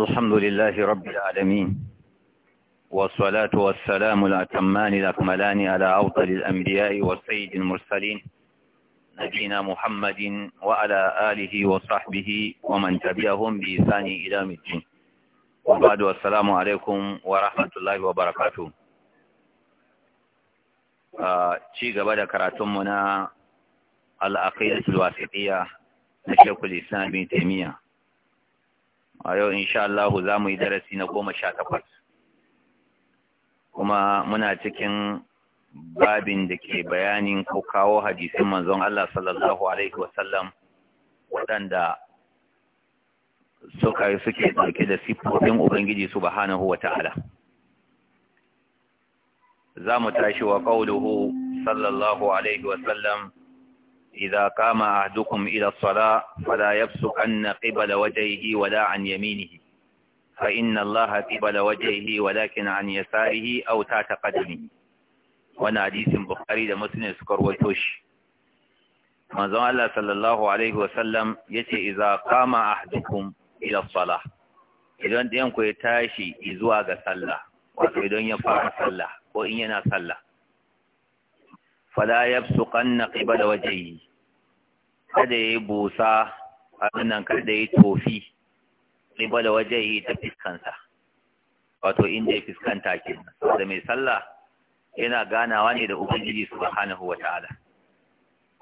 الحمد لله رب العالمين والصلاة والسلام الأتمان الأكملان على أفضل الأنبياء والسيد المرسلين نبينا محمد وعلى آله وصحبه ومن تبعهم بإحسان إلى الدين وبعد والسلام عليكم ورحمة الله وبركاته ci gaba da karatunmu na al'aƙidatul wasiƙiya na shekul islam bin taimiyya a yau insha Allah za mu yi darasi na goma sha takwas kuma muna cikin babin da ke bayanin ko kawo hadisin manzon Allah sallallahu alaihi wasallam waɗanda suka suke ɗauke da siffofin Ubangiji subhanahu wa ta'ala. Za mu tashi wa ƙauluhu sallallahu Alaihi wasallam إذا قام أهدكم إلى الصلاة فلا يبسكن قبل وجهه ولا عن يمينه فإن الله قبل وجهه ولكن عن يساره أو تحت قدمه وانا حديث بخاري ده مسلم سكر وتوش manzon Allah sallallahu alaihi wasallam yace idza qama ahdukum ila salah idan ɗayan ku ya tashi zuwa ga sallah wato idan ya fara sallah ko in yana sallah fala kada ya yi busa a nan kada ya yi tofi riba da waje yi ta fiskansa wato inda ya fiskanta ke da mai sallah yana ganawa ne da ubangiji su hana wa ta'ala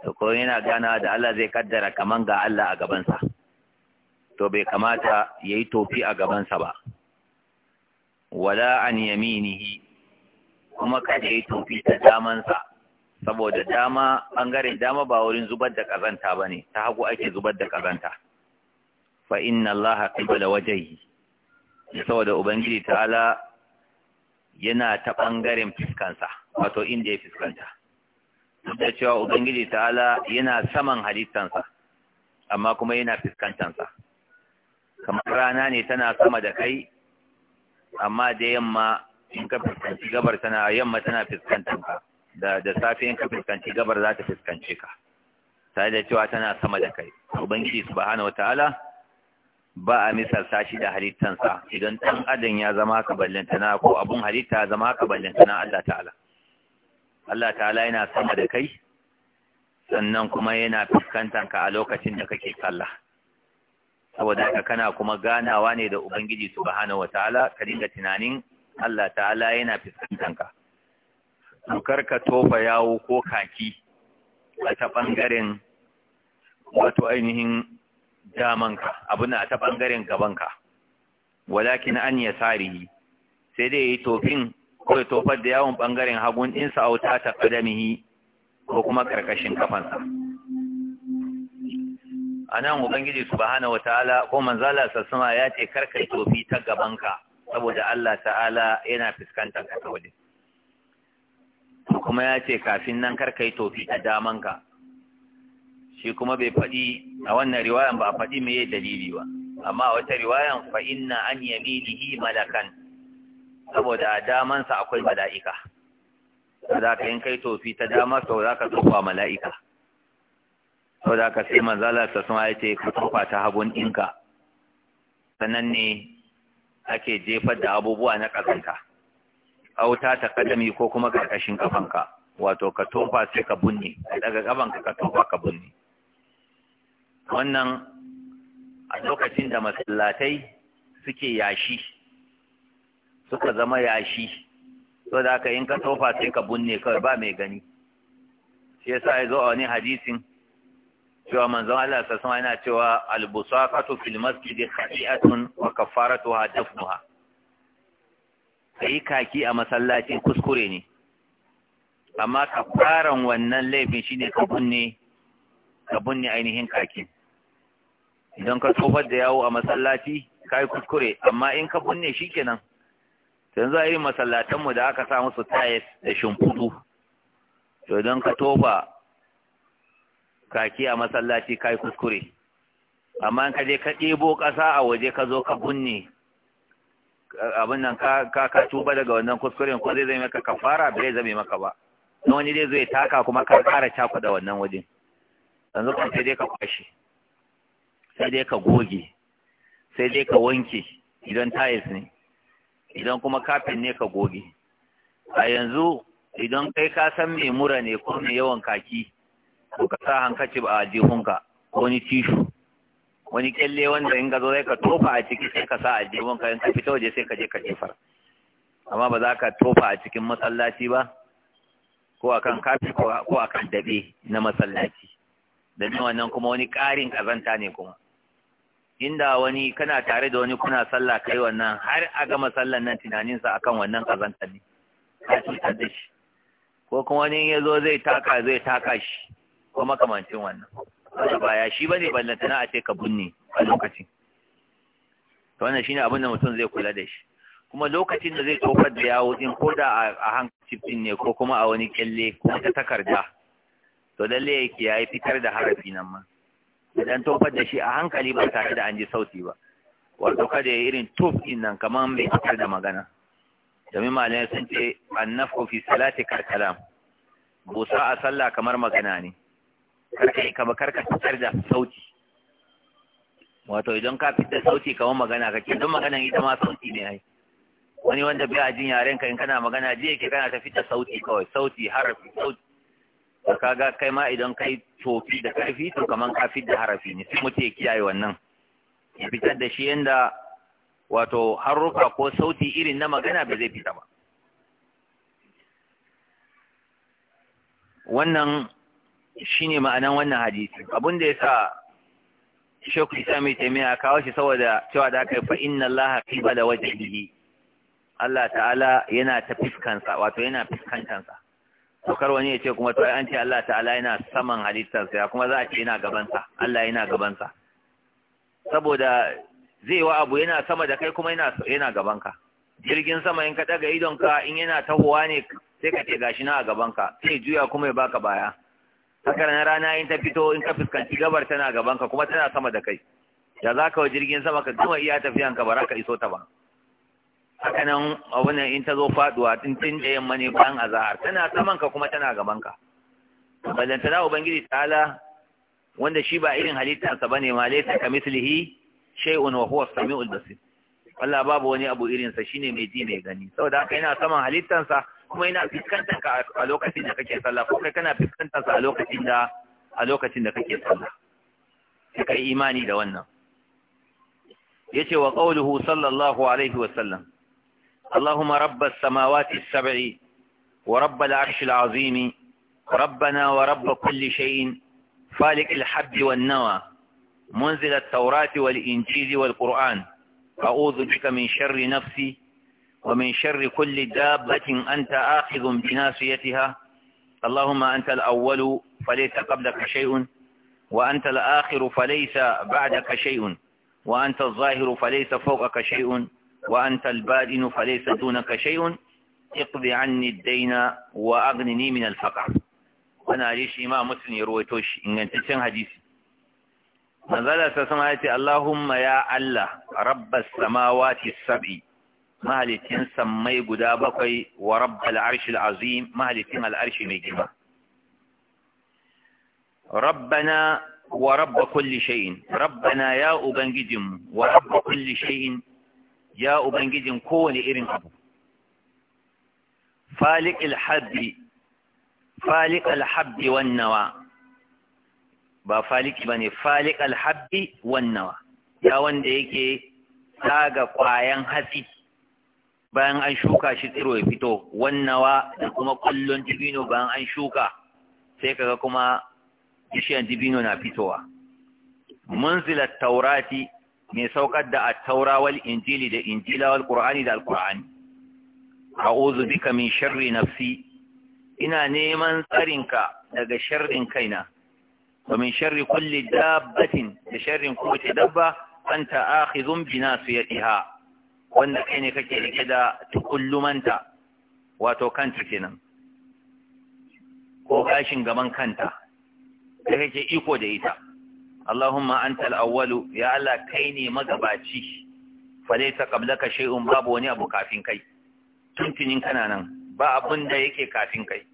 Da kuma yana ganawa da Allah zai kaddara kaman ga Allah a gabansa to bai kamata ya yi tofi a gabansa ba wala an yaminihi kuma kada ya yi tofi ta damansa saboda dama ɓangaren dama ba wurin zubar da ƙazanta ba ne ta hagu ake zubar da ƙazanta fa inna Allah qibla wajhi saboda ubangiji ta'ala yana ta ɓangaren fiskansa wato inda ya fiskanta Saboda cewa ubangiji ta'ala yana saman halittansa amma kuma yana fiskantansa kamar rana ne tana sama da kai amma da yamma in ka fuskanci gabar tana yamma tana fuskantanka da da safe in ka fuskanci gabar za ta fuskance ka tare da cewa tana sama da kai ubangiji subhanahu wataala ba a misal sashi da halittansa idan dan adam ya zama ka ballantana ko abun halitta ya zama ka ballantana Allah ta'ala Allah ta'ala yana sama da kai sannan kuma yana fuskantar ka a lokacin da kake sallah saboda ka kana kuma ganawa ne da ubangiji subhanahu wataala ka dinga tunanin Allah ta'ala yana fuskantar ka to ka tofa yawo ko kaki a ta ɓangaren wato ainihin damanka abin a ta ɓangaren gabanka walakin an ya tsari sai dai yi tofin ko ya tofar da yawon ɓangaren hagun in a wuta ta ƙadamihi ko kuma ƙarƙashin kafansa a nan ubangiji bahana wa ta'ala ko manzala sassama ya ce yi tofi ta gabanka saboda Allah ta'ala yana fuskantar ka ta kuma ya ce kafin nan kar kai tofi a damanka shi kuma bai faɗi a wannan riwayan ba a faɗi mai yi dalili ba amma a wata riwayan fa’in na an yaminihi malakan saboda a damansa akwai mala'ika za ka yin kai tofi ta dama sau za ka tofa mala'ika sau da ka sai manzala ta sun haice ka tofa ta hagun ɗinka sannan ne ake jefar da abubuwa na ƙazanta auta ta kadami ko kuma karkashin kafanka wato ka tofa sai ka bunne daga kafanka ka tofa ka bunne wannan a lokacin da masallatai suke yashi suka zama yashi so da aka yin ka tofa sai ka bunne kawai ba mai gani shi yasa ya zo a wani hadisin cewa manzon Allah sassama yana cewa albusaqatu fil masjidi khati'atun wa kafaratuha dafnuha ka yi kaki a masallaci kuskure ne amma ka fara wannan laifin shi ne ka bunne ainihin kaki idan ka tsofar da yawo a masallaci ka yi kuskure amma in ka bunne shi kenan yanzu a yi masallatanmu da aka sa musu tayes da shimfudu to idan ka tofa kaki a masallaci ka yi kuskure amma in ka je ka ɗebo ƙasa a waje ka zo ka bunne abin nan ka ka tuba daga wannan kuskuren ko zai zai maka kafara bai zame maka ba na wani zai taka kuma ka kara cakwa da wannan wajen yanzu kan sai dai ka kwashe sai dai ka goge sai dai ka wanke idan tiles ne idan kuma kafin ne ka goge a yanzu idan kai ka san mai mura ne ko mai yawan kaki ko ka sa hankacin a jihunka ko ni tishu wani kyalle wanda in ka zo zai ka tofa a ciki sai ka sa a jibin ka ka fita waje sai ka je ka jefar amma ba za ka tofa a cikin masallaci ba ko a kan kafi ko a kan dabe na masallaci domin wannan kuma wani ƙarin ƙazanta ne kuma inda wani kana tare da wani kuna sallah kai wannan har a gama sallan nan tunaninsa akan wannan ƙazanta ne ka cutar da shi ko kuma wani ya zo zai taka zai taka shi ko makamancin wannan wanda ba ya shi bane ballantana a ce ka bunne a lokacin to wannan shine abin da mutum zai kula da shi kuma lokacin da zai tofar da yawo din ko da a hankali din ne ko kuma a wani kyalle ko ta takarda to lalle yake yayi fitar da harafi nan ma idan tofar da shi a hankali ba tare da an ji sauti ba wato kada ya irin tuf din nan kamar mai fitar da magana domin malamai sun ce annafu fi salati kal kalam busa a sallah kamar magana ne karkai yi ba karka fitar da sauti wato idan ka fitar sauti kamar magana kake don magana ita ma sauti ne ai wani wanda bai jin yaren ka in kana magana ji yake kana ta fitar sauti kawai sauti harafi sauti da kaga kai ma idan kai tofi da karfi to kamar ka fitar harafi ne sai mutum ya kiyaye wannan ya fitar da shi yanda wato haruka ko sauti irin na magana ba zai fita ba wannan Shi ne ma'anan wannan hadisi abin da sa Sheikh Islam Taimiyya kawo shi saboda cewa da aka laha inna da wajen wajhihi Allah ta'ala yana ta fiskansa wato yana fiskantansa saukar wani ya ce kuma to an ce Allah ta'ala yana saman halittarsa ya kuma za a ce yana gabansa Allah yana gabansa saboda zai wa abu yana sama da kai kuma yana yana gabanka jirgin sama in ka daga idonka in yana tahowa ne sai ka ce gashi na a gabanka sai juya kuma ya baka baya haka rana in ta fito in ka fuskanci gabar tana gaban ka kuma tana sama da kai da za ka jirgin sama ka gama iya tafiyan ka ba za ka iso ta ba haka nan abin in ta zo faduwa tun tun da yamma ne bayan azahar tana saman ka kuma tana gaban ka ballantana ubangiji ta'ala wanda shi ba irin halittarsa ne ma laysa mislihi shay'un wa huwa as-sami'ul basir Allah babu wani abu irinsa shine mai ji mai gani saboda haka yana saman halittarsa. kuma yana fuskantar ka a lokacin da kake sallah ko kai kana sa a lokacin da a lokacin da kake sallah kai imani da wannan yace wa qawluhu sallallahu alaihi wa sallam اللهم رب السماوات wa Rabba العرش العظيم ربنا ورب كل شيء فالك الحب والنوى منزل التوراة والإنجيل والقرآن أعوذ بك من شر نفسي ومن شر كل دابة أنت آخذ بناصيتها اللهم أنت الأول فليس قبلك شيء وأنت الآخر فليس بعدك شيء وأنت الظاهر فليس فوقك شيء وأنت البادن فليس دونك شيء اقض عني الدين وأغنني من الفقر وانا ليش إمام مسلم يرويتوش إن أنت حديثي حديث من sama ya اللهم يا ya رب السماوات السبع mahalicin sammai guda bakwai wa rabbal arshil azim mahalicin al'arshi mai girma rabbana wa rabba kulli shay'in rabbana ya ubangijin wa rabba kulli shay'in ya ubangijin kowane irin abu falik alhabbi wannawa ba faliki falik alhabbi ya wanda yake taga kwayan hatsi bayan an shuka shi tsiro ya fito wannawa da kuma kullun dibino bayan an shuka sai kaga kuma bishiyan dibino na fitowa munzila taurati mai saukar da at-taura wal injili da injila wal qur'ani da al-qur'ani a'udhu bika min sharri nafsi ina neman tsarinka daga sharrin kaina wa min sharri kulli dabbatin da sharrin kowace dabba anta su bi nasiyatiha wanda kai ne kake rike da tukullumanta wato kanta kenan ko gashin gaban kanta da kake iko da ita Allahumma anta al-awwalu ya Allah kai ne magabaci falaita qablaka shay'un babu wani abu kafin kai tuntunin kana nan ba abin da yake kafin kai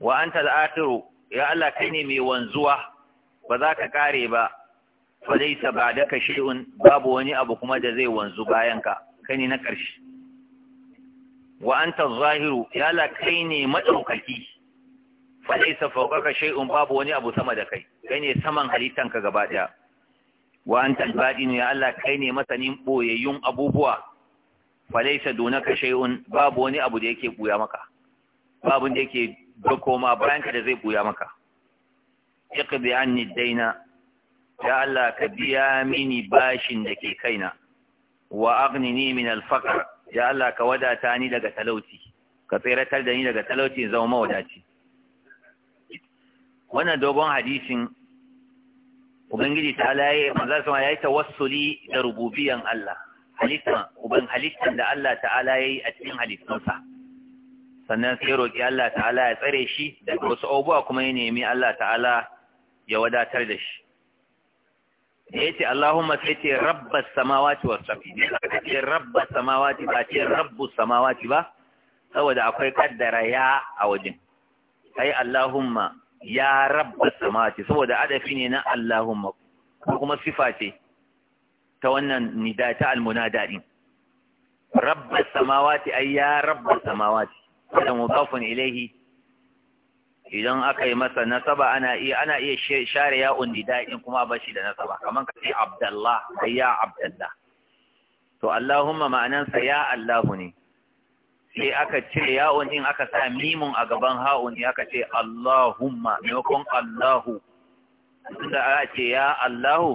wa anta al-akhiru ya Allah kai ne mai wanzuwa ba za ka kare ba falaita ba'daka shay'un babu wani abu kuma da zai wanzu bayan ka kai ne na ƙarshe wa ta zahiru ya la kai ne madaukaki fa ka fawqaka in babu wani abu sama da kai kai ne saman halittanka gaba ɗaya wa anta al-badin ya Allah kai ne masanin ɓoyayyun abubuwa fa laysa dunaka in. babu wani abu da yake ɓuya maka babu da yake dako ma bayan ka da zai ɓuya maka iqdi ni daina ya Allah ka biya mini bashin da ke kaina wa aghnini min al ya Allah ka wadata ni daga talauci ka tseratar da ni daga talauci in zama mawadaci wannan dogon hadisin ubangiji ta laye manzo sama yayi tawassuli da rububiyan Allah halitta uban halittan da Allah ta'ala yayi a cikin halittunsa sannan sai roki Allah ta'ala ya tsare shi daga wasu abubuwa kuma ya nemi Allah ta'ala ya wadatar da shi yace ya ce Allahumma sai ce rabbas samawati was sabi ne ce rabbas samawati ba ce rabbus samawati ba saboda akwai kaddara ya a wajen ai Allahumma ya rabbas samawati saboda adafi ne na Allahumma ko kuma sifa ce ta wannan nida ta almuna daɗi. rabbas samawati ai ya rabbas samawati kada mudafun ilaihi idan aka yi masa nasaba ana iya ana iya share ya undida in kuma ba shi da nasaba kaman ka ce abdallah sai ya abdallah to allahumma ma'anansa ya allahu ne sai aka cire ya din aka sa mimun a gaban ha'un ya aka ce allahumma maimakon allahu da aka ce ya allahu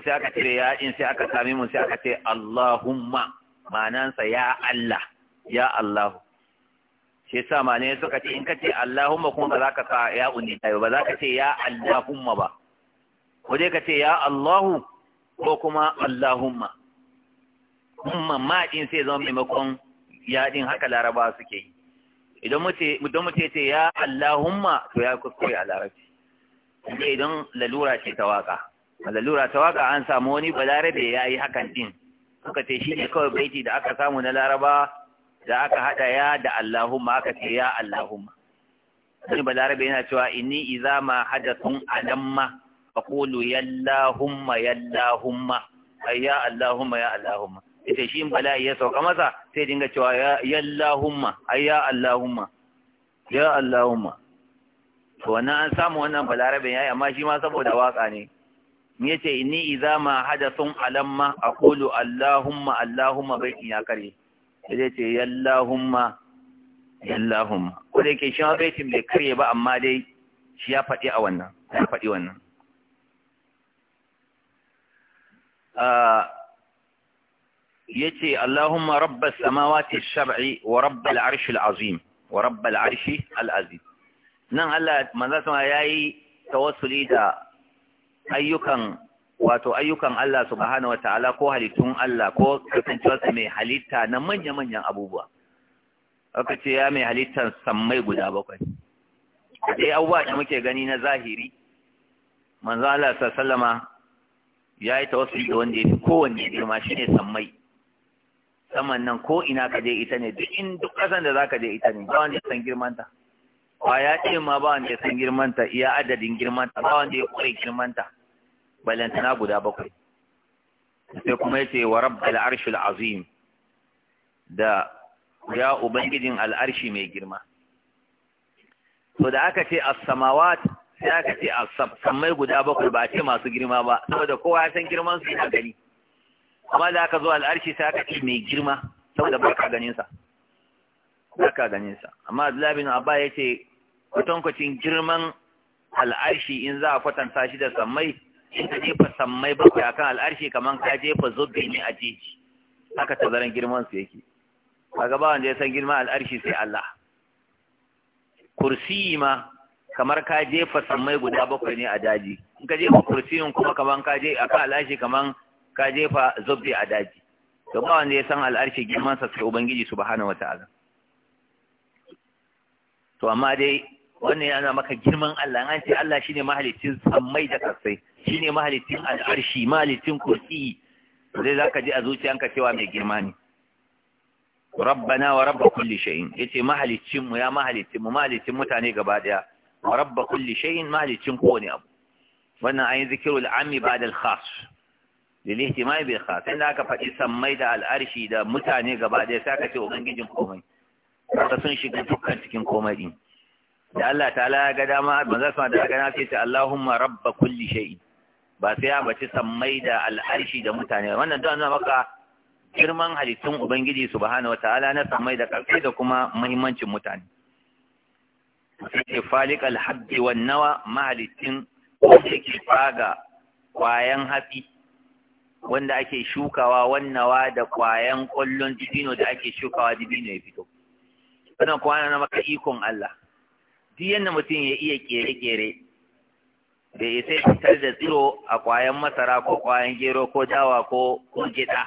sai aka cire ya in sai aka sa mimun sai aka ce allahumma ma'anansa ya allah ya allahu sai sa ne suka ce in ka ce Allahumma kuma ba za ka sa ya uni tayo ba za ka ce ya Allahumma ba ko dai ka ce ya Allahu ko kuma Allahumma umma ma din sai zama maimakon ya din haka laraba suke yi idan mutum ce ya Allahumma to ya kuskure a larabci sai idan lalura ce ta waka lalura ta waka an samu wani balarabe ya yi hakan din suka ce shi ne kawai baiti da aka samu na laraba da aka haɗa ya da Allahumma aka ce ya Allahumma wani balarabe yana cewa inni iza ma hadathun alamma aqulu yallahumma yallahumma ay ya Allahumma ya Allahumma ita shi bala'i ya sauka masa sai dinga cewa yallahumma ay ya Allahumma ya Allahumma to wannan an samu wannan balarabe yayi amma shi ma saboda waka ne yace inni iza ma hadathun alamma aqulu Allahumma Allahumma bai ya kare sai dai ce yallahumma yallahumma ko da yake shi ma baitin bai karye ba amma dai shi ya faɗi a wannan ya faɗi wannan ya ce Allahumma rabbas samawati shar'i wa rabbal arshi al'azim wa rabbal arshi al'azim nan Allah manzan sama ya yi tawassuli da ayyukan wato ayyukan Allah subhanahu ta'ala ko halittun Allah ko kasancewarsa mai halitta na manya-manyan abubuwa aka ce ya mai halittar sammai guda bakwai sai abubuwa da muke gani na zahiri manzo Allah sallama ya yi wasu da wanda ya fi kowanne girma shine sammai saman nan ko ina ka je ita ne duk in duk kasan da za ka je ita ne ba wanda ya san girmanta ba ya ce ma ba wanda ya san girmanta iya adadin girmanta ba wanda ya kure girmanta balantana guda bakwai sai kuma yace wa rabbal arshil azim da ya ubangijin al'arshi mai girma to da aka ce as-samawat sai aka ce as-sab sammai guda bakwai ba a ce masu girma ba saboda kowa ya san girman su da gani amma da aka zo al'arshi sai aka ce mai girma saboda ka ganin sa ka ganin sa amma Abdullah bin Abba yace kwatankwacin girman al'arshi in za a kwatanta shi da samai. in ka jefa sammai bakwai akan al'arshi kamar ka jefa zubbi ne a jeji haka tazaran girman su yake a ba wanda ya san girman al'arshi sai Allah kursi ma kamar ka jefa sammai guda bakwai ne a daji in ka jefa yin kuma kamar ka je kan al'arshi kamar ka jefa zubbi a daji to ba wanda ya san al'arshi girman sa sai ubangiji subhanahu wata'ala to amma dai wannan yana maka girman Allah an ce Allah shine mahalicin sammai da kasai shine mahalicin al'arshi mahalicin kursi zai zaka ji a zuciyanka cewa mai girma ne rabbana wa rabb kulli shay'in yace mahalicin mu ya mahalicin mu mahalicin mutane gaba daya wa rabb kulli shay'in mahalicin kowane abu wannan ayin zikirul ammi ba'da al-khas lil ihtimam bil khas inda aka faɗi sammai da al'arshi da mutane gaba daya sai ka ce ubangijin komai kaga sun shiga dukkan cikin komai din da Allah ta'ala ya ga dama manzo sa da ga na ce ta Allahumma rabb kulli shay'in ba sai ya bace sammai da al'arshi da mutane wannan don na maka girman halittun ubangiji subhanahu wataala na sammai da karfi da kuma muhimmancin mutane sai falik alhabbi wan nawa mahalittin wanda yake faga kwayan hafi wanda ake shukawa wannawa da kwayan kullun dibino da ake shukawa dibino ya fito wannan kwana na maka ikon Allah duk yadda mutum ya iya kere-kere da ya sai fitar da tsiro a ƙwayan masara ko ƙwayan gero ko dawa ko gida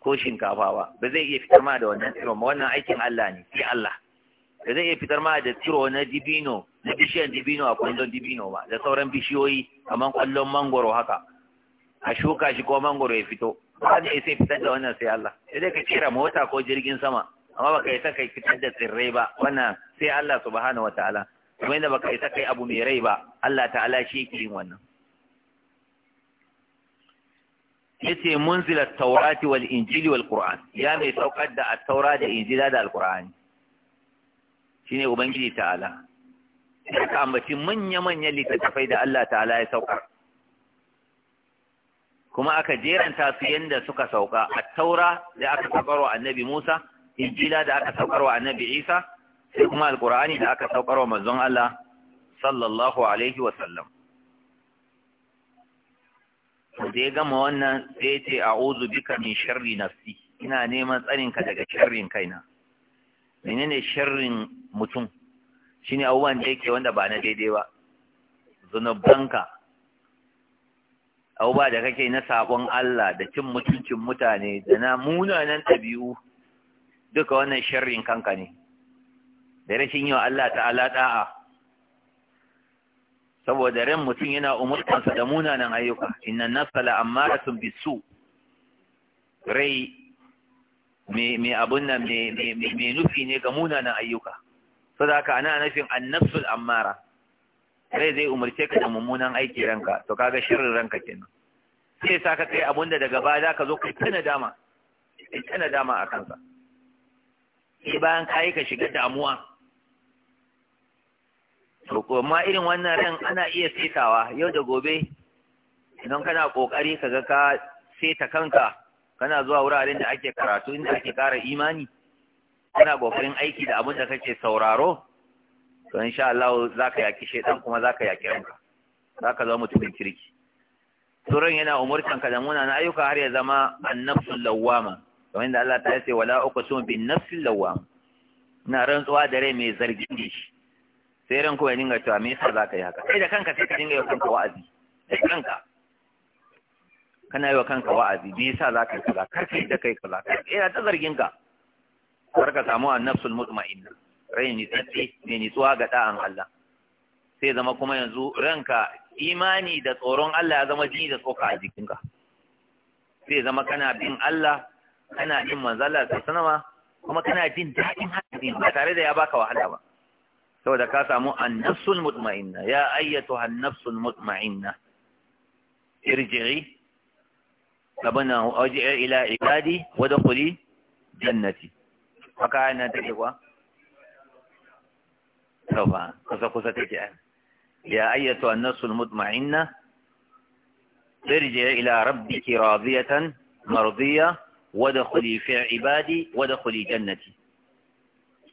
ko shinkafa ba ba zai iya fitar ma da wannan tsiro ma wannan aikin Allah ne sai Allah ba zai iya fitar ma da tsiro na dibino na bishiyan dibino a kwandon dibino ba da sauran bishiyoyi kamar kwallon mangoro haka a shuka shi ko mangoro ya fito ba zai iya fitar da wannan sai Allah sai dai ka kera mota ko jirgin sama amma baka yi ta kai fitar da tsirrai ba wannan sai Allah subhanahu wataala kuma inda baka yi ta kai abu mai rai ba Allah ta'ala shi yake yin wannan yace munzilat taurati wal injili wal qur'an ya mai saukar da at-taura da injila da al-qur'ani shine ubangiji ta'ala ka ambaci manya-manyan littafai da Allah ta'ala ya saukar kuma aka jeranta su yadda suka sauka a taura da aka saukar wa annabi Musa injila da aka saukarwa annabi isa sai kuma alkur'ani da aka saukarwa manzon Allah sallallahu alaihi wasallam da ya gama wannan sai ya ce a'udhu bika min sharri nafsi ina neman ka daga sharrin kaina menene sharrin mutum shine abubuwan da yake wanda ba na daidai ba zunubanka abubuwa da kake na sabon Allah da cin mutuncin mutane da na munanan ɗabi'u duka wannan sharrin kanka ne da rashin yau Allah ta'ala da'a saboda ran mutum yana umurtansa da munanan ayyuka inna sun bi su rai mai abun nan mai nufi ne ga munanan ayyuka da haka ana nufin annafsul ammara rai zai umarce ka da mummunan aiki ranka to kaga shirin ranka kenan sai sa ka kai abunda daga baya ka zo ka tana dama kai tana dama a kansa sai bayan kayi ka shiga damuwa to kuma irin wannan ran ana iya setawa yau da gobe idan kana kokari kaga ka seta kanka kana zuwa wuraren da ake karatu inda ake kara imani kana ƙoƙarin aiki da abin da kake sauraro to sha Allah ka yaki shedan kuma za ka yaki ranka za ka zama mutumin kirki Turan yana umurtan ka da muna na ayyuka har ya zama annafsul lawwama kamar da Allah ta yi ce wala uku, sun bin nafsin lawa ina rantsuwa da rai mai zargin ne shi sai ran kuma ya dinga cewa me yasa zaka yi haka kai da kanka sai ka dinga yawan kanka wa'azi da kanka kana yi wa kanka wa'azi me yasa zaka yi kaza "Karfe da kai kaza ina ta zargin ka har ka samu nafsul mutma'inna rai ni tsatsi ne ni tsuwa ga da'an Allah sai zama kuma yanzu ranka imani da tsoron Allah ya zama jini da tsoka a jikinka sai zama kana bin Allah kana jin manzala ta sanawa kuma kana jin daɗin hakan ba tare da ya baka wahala ba saboda ka samu annasul mutma'inna ya ayyatu annasul mutma'inna irji'i abana waje ila ibadi wa dakhuli jannati haka yana take kuwa sawa kusa kusa take ya ayyatu annasul mutma'inna irji'i ila rabbiki radiyatan mardiyah wadkhuli fi ibadi wadkhuli jannati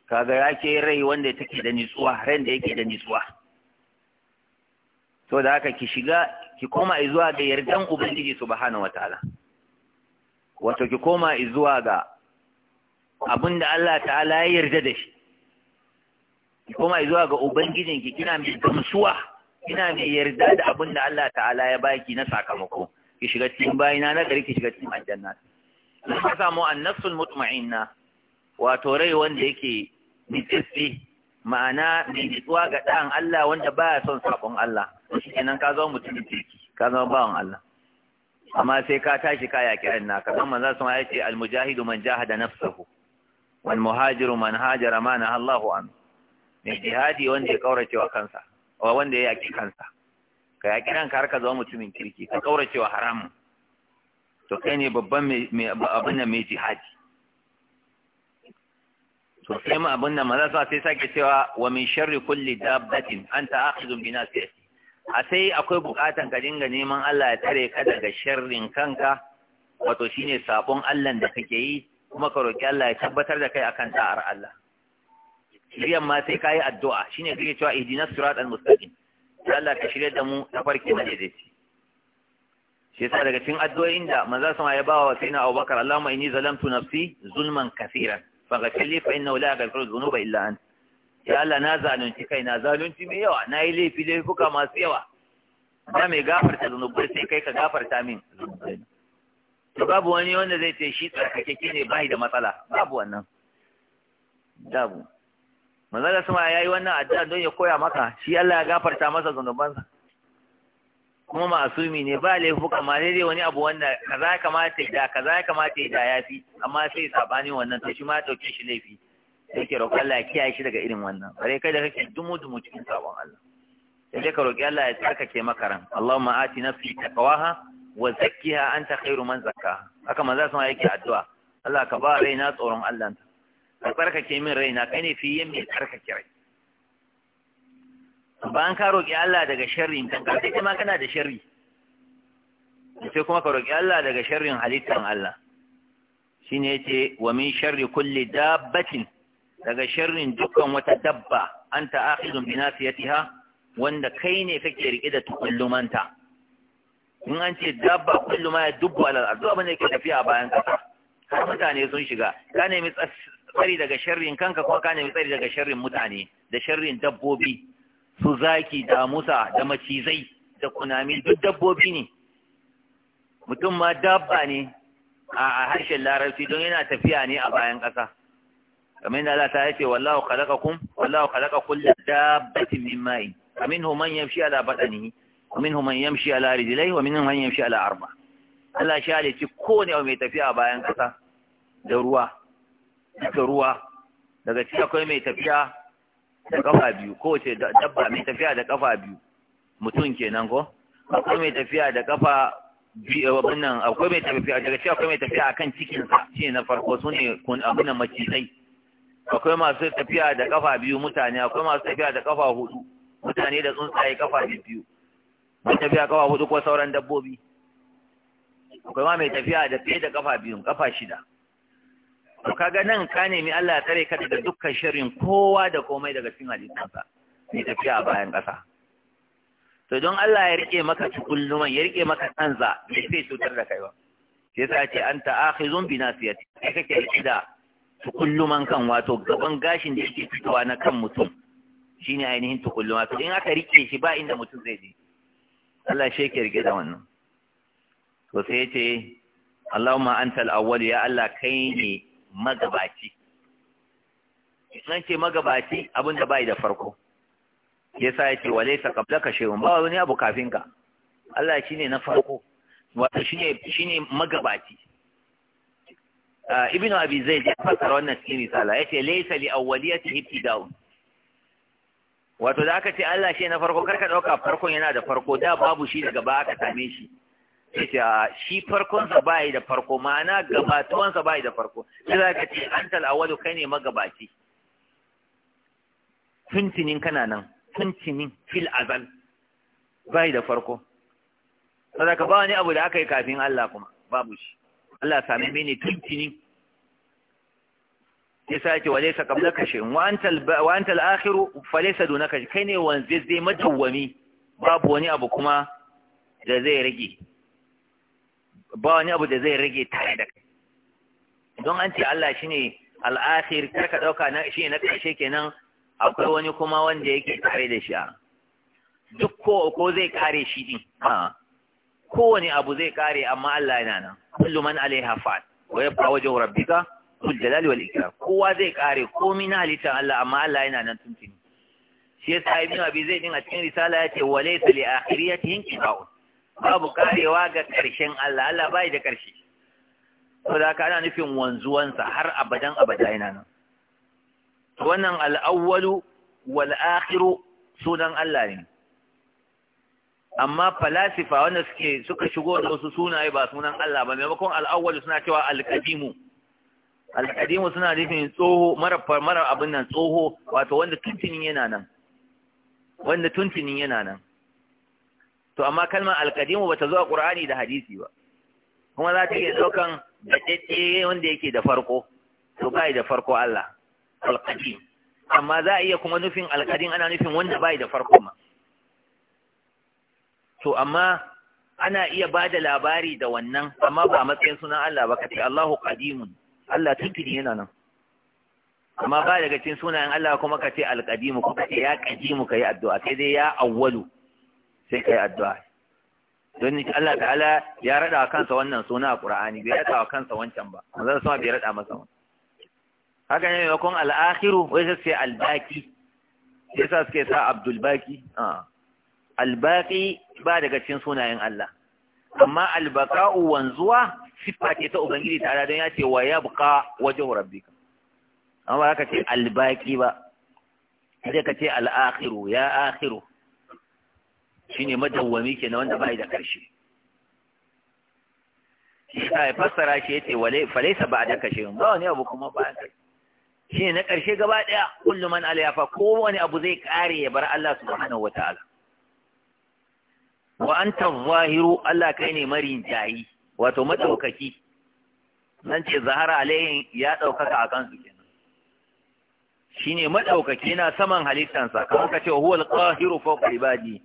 kaga yake rai wanda take da nitsuwa ran da yake da nitsuwa to da haka ki shiga ki koma zuwa ga yardan ubangiji subhanahu wataala wato ki koma zuwa ga abinda Allah ta'ala ya yarda da shi ki koma zuwa ga ubangijinki kina mai gamsuwa kina mai yarda da abinda Allah ta'ala ya baki na sakamako ki shiga cikin bayina na gari ki shiga cikin aljanna ka samu annasul mutma'inna wato rai wanda yake nitsi ma'ana mai nitsuwa ga ɗan Allah wanda ba ya son sabon Allah shi kenan ka zama mutumin kirki ka zama bawan Allah amma sai ka tashi ka yaƙi ran naka don manzo sun ya ce almujahidu man jahada nafsahu wal muhajiru man hajara ma na Allahu an mai jihadi wanda ya kaurace wa kansa wa wanda ya yaƙi kansa ka yaƙi ka har ka zama mutumin kirki ka kaurace wa haramun to kai ne babban abin da mai jihadi to sai ma abin da maza sa sai sake cewa wa min sharri kulli dabbatin anta akhudhu bi nasiyati a sai akwai bukatan ka dinga neman Allah ya tare ka daga sharrin kanka wato shine sabon Allah da kake yi kuma ka roki Allah ya tabbatar da kai akan ta'ar Allah riyan ma sai kai addu'a shine kake cewa ihdinas siratal mustaqim Allah ka shirye da mu tafarki na daidaici shi yasa daga cikin addu'o'in da manzo sama ya bawa sayyidina Abubakar Allahumma inni zalamtu nafsi zulman kaseeran faghfir li fa innahu la yaghfiru dhunuba illa anta ya Allah na zalunci kai na zalunci mai yawa na yi laifi laifuka masu yawa da mai gafarta zunubai sai kai ka gafarta min to babu wani wanda zai ce shi tsarkakeke ne bai da matsala babu wannan babu manzala sama yayi wannan addu'a don ya koya maka shi Allah ya gafarta masa zunubansa kuma ma'asumi ne ba laifuka kamar sai dai wani abu wanda kaza kamata da kaza kamata da yafi amma sai sabanin wannan to shi ma dauke shi laifi sai ke roƙi Allah ya kiyaye shi daga irin wannan bare kai da kake dumu dumu cikin sabon Allah sai ka roƙi Allah ya tsarkake maka ran Allahumma ati nafsi taqwaha wa zakkiha anta khairu man zakkaha haka manzo sun yake addu'a Allah ka ba raina tsoron Allah ka tsarkake min raina kai ne fiye mai tsarkake rai bayan ka roƙi Allah daga sharrin kanka sai ma kana da sharri sai kuma ka roƙi Allah daga sharrin halittan Allah shine yace wa min sharri kulli dabbatin daga sharrin dukkan wata dabba anta akhidun bi nasiyatiha wanda kai ne kake rike da tukullumanta in an ce dabba kulluma ya yadubbu alal ard abin da yake tafiya bayan kasa har mutane sun shiga ka nemi tsari daga sharrin kanka kuma ka nemi tsari daga sharrin mutane da sharrin dabbobi su zaki da musa da macizai da kunami duk dabbobi ne mutum ma dabba ne a harshen larabci don yana tafiya ne a bayan ƙasa kamar da Allah ta yace wallahu khalaqakum wallahu khalaqa kulla dabbatin min ma'i minhum man yamshi ala badanihi wa minhum man yamshi ala rijlihi wa minhum man yamshi ala arba Allah shi ko ne mai tafiya a bayan ƙasa da ruwa da ruwa daga cikin akwai mai tafiya da kafa biyu kowace dabba mai tafiya da kafa biyu mutum kenan ko akwai mai tafiya da kafa wannan eh, akwai mai tafiya daga cewa akwai mai tafiya akan cikin sa shine na farko sune kun abin nan macizai akwai masu tafiya da kafa biyu mutane akwai masu tafiya da kafa hudu mutane da tsuntsaye kafa biyu mai tafiya kafa hudu ko sauran dabbobi akwai ma mai tafiya da fiye da kafa biyu kafa shida to kaga nan ka nemi Allah ya tsare ka daga dukkan shirin kowa da komai daga cikin hadisansa mai tafiya a bayan ƙasa to don Allah ya rike maka tukulluman ya rike maka tsanza bai sai cutar da kai ba sai sa ce an akhizun bi nasiyati kai kake rike da tukulluman kan wato gaban gashin da yake fitowa na kan mutum shine ainihin tukulluma to in aka rike shi ba inda mutum zai je Allah shi yake rike da wannan to sai ya ce Allahumma antal awwal ya Allah kai ne magabaci nan ce magabaci abin da bai da farko yasa yace walaysa qablaka shay'un ba wani abu kafin ka Allah shine na farko wato shine shine magabaci ibnu abi zaid ya fassara wannan cikin risala yace laysa li awwaliyatihi dawo. wato da aka ce Allah shi na farko karka dauka farkon yana da farko da babu shi daga ba aka same shi ita a shi farkon sa bai da farko ma'ana gabatuwan sa bai da farko sai zaka ce antal awwalu kai ne magabaci tuntunin kana nan tuntunin fil azal bai da farko sai ka ba wani abu da aka yi kafin Allah kuma babu shi Allah same mene tuntinin yasa yake walaysa qablaka kashe. wa anta wa anta al-akhir falaysa dunaka kai ne zai madawwami babu wani abu kuma da zai rage ba wani abu da zai rage tare da kai don an ce Allah shine al'akhir kar ka dauka na shi na karshe kenan akwai wani kuma wanda yake tare da shi duk ko ko zai kare shi din kowane abu zai kare amma Allah yana nan kullu man alaiha fat wa yabqa wajhu rabbika dhul jalali wal ikram kowa zai kare komai na halittar Allah amma Allah yana nan tuntuni shi yasa ibn abi zaid din a cikin risala yace wa laysa li akhiriyatihin kibaun babu karewa ga ƙarshen Allah Allah bai da ƙarshe da ka ana nufin wanzuwansa har abadan abada yana nan wannan al'awwalu wal akhiru sunan Allah ne amma falasifa wanda suke suka shigo da wasu sunaye ba sunan Allah ba maimakon al'awwal suna cewa al-qadimu al-qadimu suna nufin tsoho mara mara abin nan tsoho wato wanda tuntunin yana nan wanda tuntunin yana nan to amma kalmar alkadimu bata zuwa qur'ani da hadisi ba kuma za ta iya daukan daɗaɗɗe wanda yake da farko to bai da farko Allah alkadim amma za a iya kuma nufin alkadim ana nufin wanda bai da farko ma to amma ana iya ba da labari da wannan amma ba a matsayin sunan Allah ba kace Allahu qadimun Allah tuntuni yana nan amma ba daga cikin sunayen Allah kuma kace alqadimu ko kace ya qadimu kai addu'a sai dai ya awwalu sai kai addu'a don Allah ta'ala ya rada wa kansa wannan suna a Qur'ani bai rada wa kansa wancan ba manzon sama bai rada masa wani. haka ne maimakon al-akhiru wai sai al albaki. sai sa suke sa Abdul baki? al ah. baki ba daga cikin sunayen Allah amma al-baqa'u wanzuwa sifa ce ta ubangiji ta'ala don ya ce wa yabqa wajhu rabbika amma ba ka ce al-baqi ba sai ka ce al ya akhiru ne madawwami na wanda bai da karshe sai ya fassara shi ya wale falaisa ba da kashe ba wani abu kuma ba shi ne na karshe gaba daya kullum man alayafa ko wani abu zai kare ya bar Allah wata ala? wa anta zahiru Allah kai ne marin jayi wato madaukaki nan ce zahara alayin ya ɗaukaka a akan su shi ne madaukaki na saman halittansa kamar ce huwal qahiru fawqa ibadi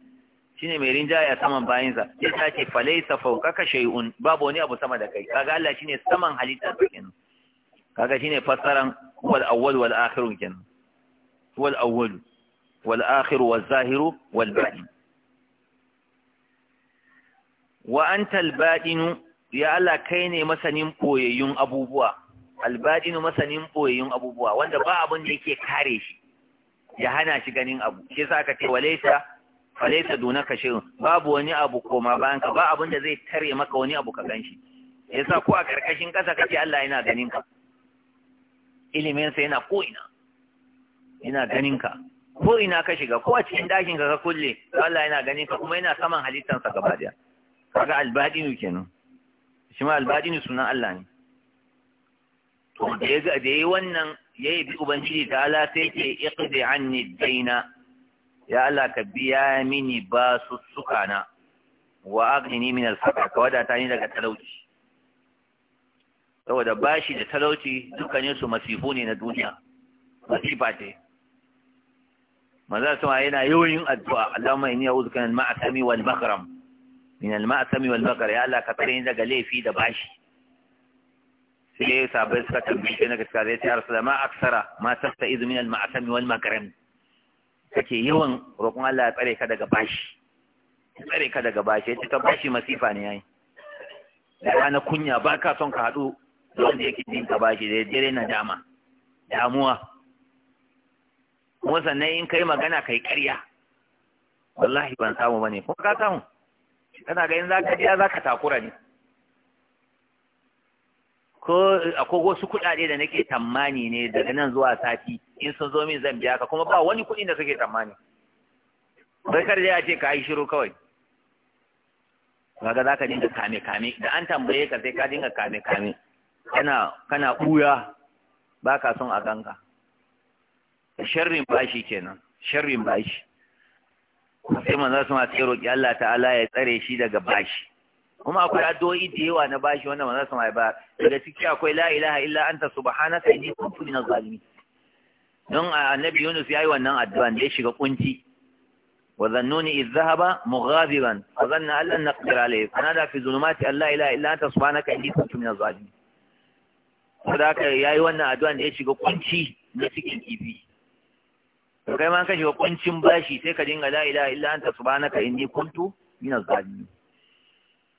shine mai rinjaye a saman bayinsa ya tace falaisa fawkaka shay'un babu wani abu sama da kai kaga Allah shine saman halitta kenan kaga shine fassaran wal awwal wal akhir kenan wal awwal wal akhir wal zahir wal ba'in wa anta al ba'in ya Allah kai ne masanin boyayyun abubuwa al ba'in masanin boyayyun abubuwa wanda ba abin da yake kare shi ya hana shi ganin abu shi yasa aka ce walaysa falaita dunaka shirin babu wani abu koma bayan ka ba abin da zai tare maka wani abu ka ganshi yasa ko a karkashin ƙasa kace Allah yana ganin ka ilimin sa yana ko ina yana ganin ka ko ina ka shiga ko a cikin dakin ka ka kulle Allah yana ganin ka kuma yana saman halittar sa gaba daya kaga albadinu kenan shi ma albadinu sunan Allah ne to da ya ga da yayi wannan yayi bi ubangiji ta Allah sai ke iqdi anni dayna ya Allah ka biya mini ba su sukana wa aghnini min al-faqr ka ta ni daga talauci saboda bashi da talauci dukkanin su masifu ne na duniya masifa ce maza sama yana yoyin addu'a Allahumma inni a'udhu bika min al-ma'thami wal makram min al-ma'thami wal makram ya Allah ka tare ni daga laifi da bashi sai sabai suka tambaye na gaskiya sai ce ya rasulullah ma aksara ma tasta'izu min al-ma'thami wal makram kake yawan roƙon Allah ya tsare ka daga bashi ya tsare ka daga bashi ya ka bashi masifa ne yayi da na kunya ba ka son ka haɗu da wanda yake jin ka bashi da dare na dama damuwa kuma sannan in kai magana kai ƙarya wallahi ban samu bane ko ka samu kana ga in zaka za ka takura ne ko akwai wasu kuɗaɗe da nake tammani ne daga nan zuwa sati in sun zo min zan biya ka kuma ba wani kuɗi da kake tammani sai kar da ya ce ka yi shiru kawai kaga zaka dinga kame kame da an tambaye ka sai ka dinga kame kame kana kana buya baka son a ganka sharrin bashi kenan sharrin bashi sai manzo sun ce roki Allah ta'ala ya tsare shi daga bashi kuma akwai addu'o'i da yawa na bashi wannan manzon sama ba daga ciki akwai la ilaha illa anta subhanaka inni kuntu minaz zalimin don annabi Yunus yayi wannan addu'a da ya shiga kunci wa zannuni idh dhahaba mughadiban fa zanna an lan naqdir alayhi da fi zulumati an la ilaha illa anta subhanaka inni kuntu minaz zalimin saboda haka yayi wannan addu'a da ya shiga kunci na cikin kifi to kai ma ka shiga kuncin bashi sai ka dinga la ilaha illa anta subhanaka inni kuntu minaz zalimin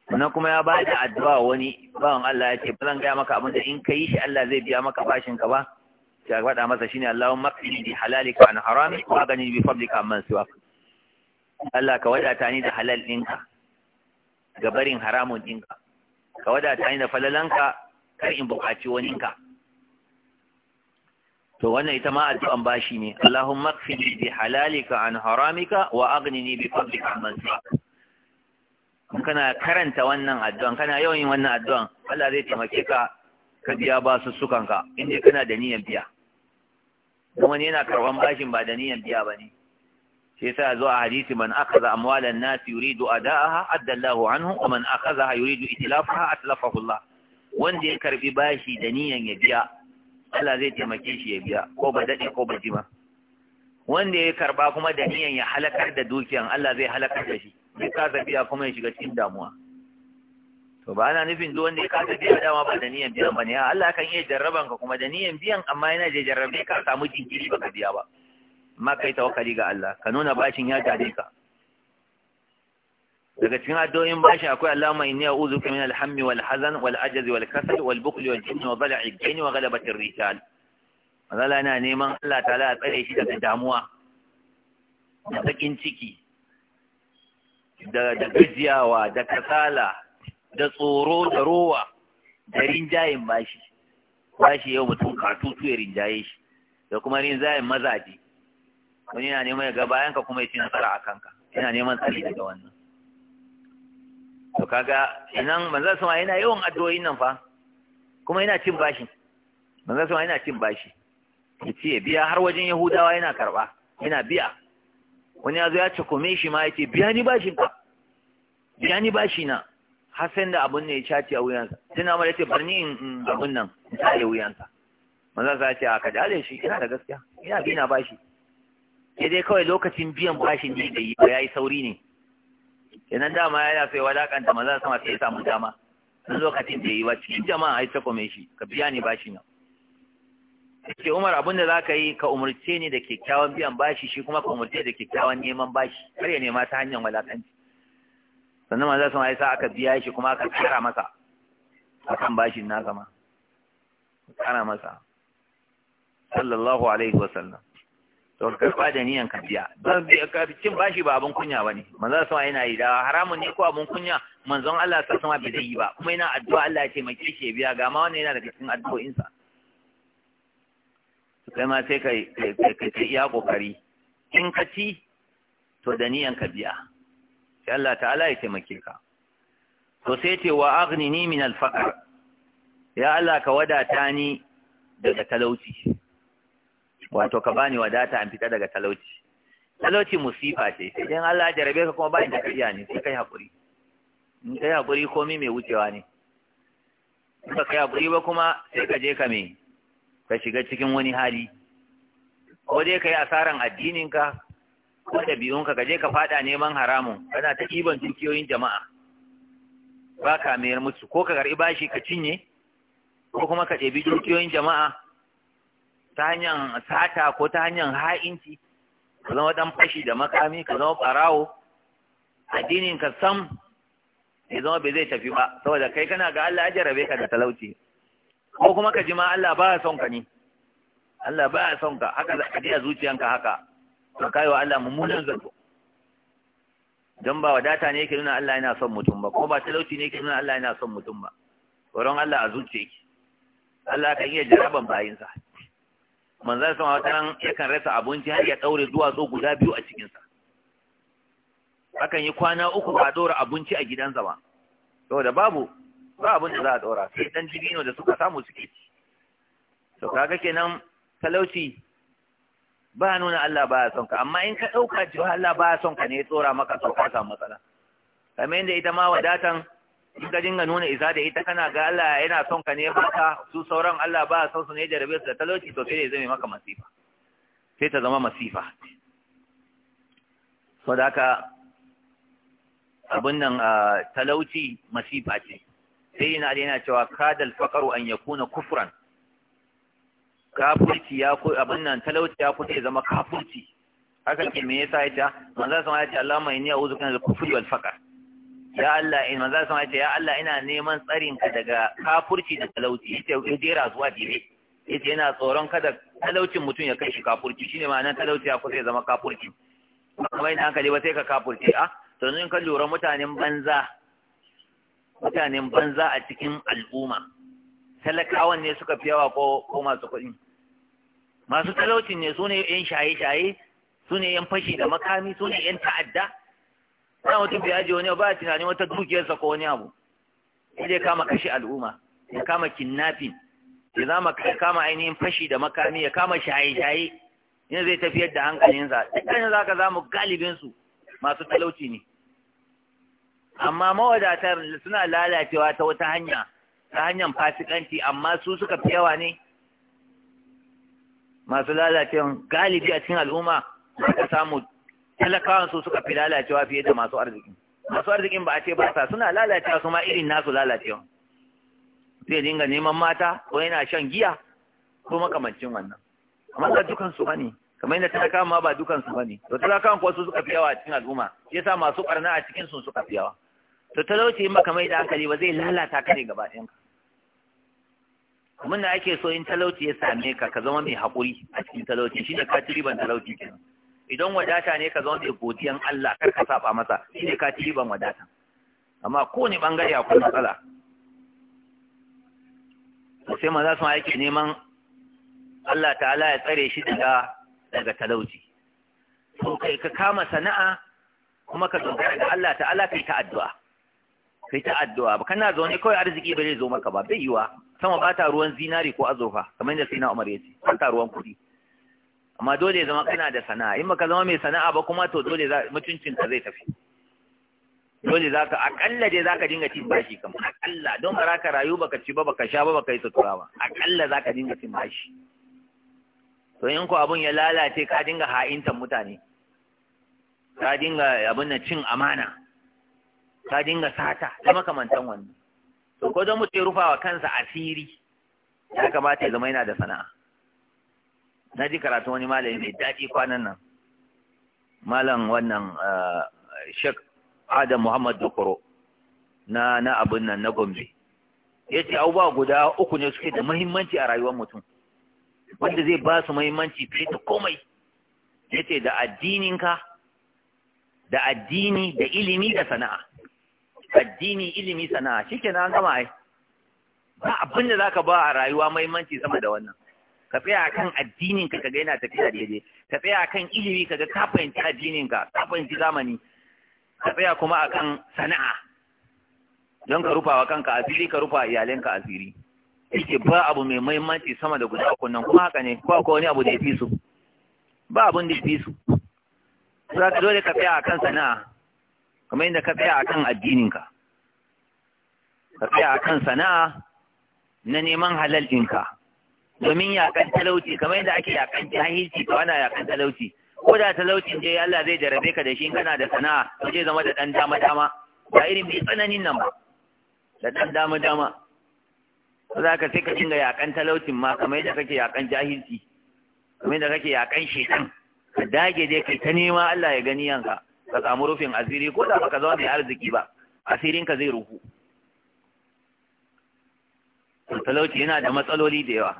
sannan kuma ya bada addu'a wani bawan Allah ya ce ba zan gaya maka abin da in ka yi shi Allah zai biya maka bashin ka ba sai ka faɗa masa shine Allahumma qini bi halalika an harami wa gani bi fadlika amman siwak Allah ka wadata ni da halal ɗinka ga barin haramun ɗinka ka wadata ni da falalanka kar in buƙaci waninka to wannan ita ma addu'an bashi ne Allahumma qini bi halalika an haramika wa aghnini bi fadlika amman siwak kana karanta wannan addu'an kana yawan yin wannan addu'an Allah zai taimake ka ka biya basu sukanka inda kana da niyyar biya kuma ne yana karban bashin ba da niyyar biya bane sai sai zuwa hadisi man akhadha amwalan nas yuridu ada'aha addallahu anhu wa man akhadha yuridu itlafaha atlafahu Allah wanda ya karbi bashi da niyyar ya biya Allah zai taimake shi ya biya ko ba dade ko ba jima wanda ya karba kuma da niyyar ya halakar da dukiyan Allah zai halakar da shi ya kasa biya kuma ya shiga cikin damuwa to ba ana nufin duk wanda ya kasa biya dama ba da niyan biyan ba ne Allah kan iya jarraban ka kuma da niyan biyan amma yana da jarrabe ka samu jinkiri ba ka biya ba amma kai tawakkali ga Allah ka nuna bashin ya gare ka daga cikin addu'o'in bashi, akwai Allahumma inni a'udhu min al-hammi wal hazan wal ajzi wal kasal wal bukl wal jinn wa dhal'i al-jinn wa ghalabati ar-rijal Allah yana neman Allah ta'ala ya tsare shi daga damuwa da bakin ciki da gajiyawa da kasala da tsoro da rowa da rinjayen bashi bashi yau mutum katutu ya rinjaye shi da kuma rinjayen mazaje wani yana neman ya ga ka kuma ya ci nasara a kanka yana neman tsari daga wannan to kaga inan manzon sama yana yawan addu'o'in nan fa kuma yana cin bashi manzon sama yana cin bashi ya ce biya har wajen yahudawa yana karba yana biya wani ya zo ya cakome shi ma ya ce biya ni bashin ka biya ni bashi na har sai da abun ne ya chati a wuyansa tana mara ce bar ni in abun nan in tsaye wuyansa manzo sa ce a dale shi ina da gaskiya ina bina na bashi sai dai kawai lokacin biyan bashin ne da yi ba yayi sauri ne kenan dama yana sai wadakanta manzo sama sai ya samu dama lokacin da yi ba cikin jama'a ai cakome shi ka biya ni bashi na ce Umar abin da ka yi ka umarce ni da kyakkyawan biyan bashi shi kuma ka umarce da kyakkyawan neman bashi kar ya nema ta hanyar walakanci sannan manzo sun aisa aka biya shi kuma aka tsara masa akan bashin na gama tsara masa sallallahu alaihi wasallam to karba da niyan ka biya don cin bashi ba abin kunya bane manzo sun yana yi da haramun ne ko abin kunya manzon Allah sallallahu alaihi wasallam bai yi ba kuma yana addu'a Allah ya taimake shi ya biya ga ma wannan yana daga cikin addu'o'insa kai ma sai ka ka iya kokari in ka ci to da niyan ka biya sai Allah ta'ala ya taimake ka to sai ce wa aghnini min al-faqr ya Allah ka wadata ni daga talauci wato ka bani wadata an fita daga talauci talauci musifa ce idan Allah jarabe ka kuma bani da kariya ne sai kai hakuri in kai hakuri komai mai wucewa ne ka kai hakuri ba kuma sai ka je ka me ka shiga cikin wani hali ko dai ka yi asaran addininka ko ɗabi'unka ka je ka faɗa neman haramun kana ta ɗiban dukiyoyin jama'a ba ka mayar musu ko ka karɓi bashi ka cinye ko kuma ka ɗebi dukiyoyin jama'a ta hanyar sata ko ta hanyar ha'inci ka zama ɗan fashi da makami ka zama ɓarawo addininka sam ya zama bai zai tafi ba saboda kai kana ga Allah ya jarabe ka da talauci ko kuma ka ji ma Allah ba ya son ka ne Allah ba ya son ka haka za ka ji a zuciyanka haka to kai wa Allah mummunan zato don ba wadata ne yake nuna Allah yana son mutum ba ko ba talauci ne yake nuna Allah yana son mutum ba tsoron Allah a zuciya Allah kan iya jaraban bayinsa manzan sama wata nan yakan rasa abinci har ya daure duwatsu guda biyu a cikinsa akan yi kwana uku ba dora abinci a gidansa ba saboda babu ba abin da za a ɗora sai ɗan dibino da suka samu suke ci to kaga kenan talauci ba nuna Allah ba ya son ka amma in ka ɗauka cewa Allah ba ya son ka ne ya tsora maka to ka samu matsala kamar yadda ita ma wadatan in ka dinga nuna isa da ita kana ga Allah yana son ka ne baka su sauran Allah ba son su ne da rabe su da talauci to sai ya zame maka masifa sai ta zama masifa so da haka abin nan ah, talauci masifa ce sai da yana cewa kadal faqaru an yakuna kufran kafurci ya ku abin nan talauci ya kuce zama kafurci haka ke me yasa ita, manzo sama ya ce, inni a'udhu bika min al-kufri wal faqar ya Allah in eh, manzo sama ce ya Allah ina neman tsarin ka daga kafurci da talauci ya jera zuwa jibe ita yana tsoron kada talaucin mutum ya kai shi kafurci shine ma'anar talauci ya kuce zama kafurci kuma in hankali ba sai ka kafurci a ah, to in ka lura mutanen banza mutanen banza a cikin al'umma talakawan ne suka fi yawa ko masu kuɗi masu talaucin ne sune 'yan shaye-shaye sune 'yan fashi da makami sune 'yan ta'adda na mutum da yaji wani ba tunanin wata dukiyarsa ko wani abu sai kama kashi al'umma ya kama kidnapping ya zama kama ainihin fashi da makami ya kama shaye-shaye yanzu zai tafiyar da hankalinsa dukkanin zaka zamu galibinsu masu talauci ne amma mawadatar suna lalacewa ta wata hanya ta hanyar fasikanci amma su suka fi yawa ne masu lalacewa galibi a cikin al'umma ta samu talakawan su suka fi lalacewa fiye da masu arziki masu arzikin ba a ce ba sa suna lalacewa su ma irin nasu lalacewa zai dinga neman mata ko yana shan giya ko makamancin wannan amma ga dukan su bane kamar yadda talakawan ma ba dukan su bane to talakawan ko su suka fi yawa a cikin al'umma yasa masu barna a cikin su suka fi yawa to talauci in baka mai da hankali ba zai lalata ka ne gaba ɗayan ka da ake so in talauci ya same ka ka zama mai haƙuri a cikin talauci shine ka ci riban talauci kenan idan wadata ne ka zama mai godiyan Allah kar ka saba masa shine ka ci riban wadata amma kowane bangare akwai matsala sai maza su yake neman Allah ta'ala ya tsare shi daga daga talauci to kai ka kama sana'a kuma ka dogara ga Allah ta'ala kai ta addu'a kai ta addu'a ba kana zaune kawai arziki ba zai zo maka ba bai yiwa sama ba ta ruwan zinari ko azurfa kamar yadda sai na umar ya ce ba ta ruwan kuɗi amma dole zama kana da sana'a in baka zama mai sana'a ba kuma to dole mutuncin ka zai tafi dole za ka akalla dai ka dinga cin bashi kamar akalla don ba ka rayu ba ka ci ba ba ka sha ba ka yi sutura ba akalla ka dinga cin bashi to in ko abun ya lalace ka dinga ha'intan mutane ka dinga abun nan cin amana ka dinga sata da makamantan wannan to ko don mutum rufa wa kansa asiri ya kamata ya zama yana da sana'a na ji karatu wani malami mai daɗi kwanan nan malam wannan eh, shek adam muhammad dokoro na na abin nan na gombe ya ce abubuwa guda uku ne suke da muhimmanci a rayuwar mutum wanda zai ba su muhimmanci fiye da komai ya ce da addininka da addini da ilimi da sana'a addini ilimi sana'a shikenan an gama ai ba abin da zaka ba a rayuwa muhimmanci sama da wannan ka tsaya akan addinin ka kaga yana tafiya daidai ka tsaya akan ilimi kaga ka fahimci addinin ka ka fahimci zamani ka tsaya kuma akan sana'a don ka rufa wa kanka asiri ka rufa iyalanka asiri yake ba abu mai muhimmanci sama da guda uku nan kuma haka ne ko akwai wani abu da ya fi su ba abin da ya fi su za ka dole ka tsaya akan sana'a kamar yadda ka tsaya a kan addininka ka tsaya a kan sana'a na neman halal ɗinka domin yakan talauci kamar yadda ake yakan jahilci to ana yakan talauci ko da talaucin dai Allah zai jarabe ka da shi kana da sana'a to zai zama da ɗan dama dama ba irin mai tsananin nan ba da ɗan dama dama za ka sai ka dinga yakan talaucin ma kamar yadda kake yakan jahilci kamar yadda kake yakan shekan ka dage dai kai ta nema Allah ya gani yanka ka samu rufin asiri ko da baka zama mai arziki ba asirinka ka zai rufu talauci yana da matsaloli da yawa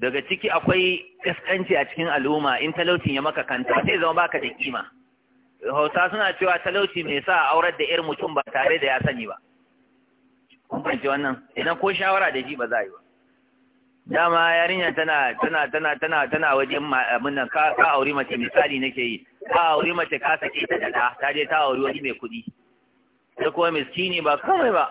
daga ciki akwai kaskanci a cikin al'umma in talauci ya maka kanta sai zama baka da kima hausa suna cewa talauci mai sa aurar da 'yar mutum ba tare da ya sani ba kun ce wannan idan ko shawara da ji ba za yi ba dama yarinya tana tana tana tana tana wajen abin nan ka ka aure mace misali nake yi ka aure mace ka sake ta da ta je ta aure wani mai kuɗi sai kuma miskini ba kawai ba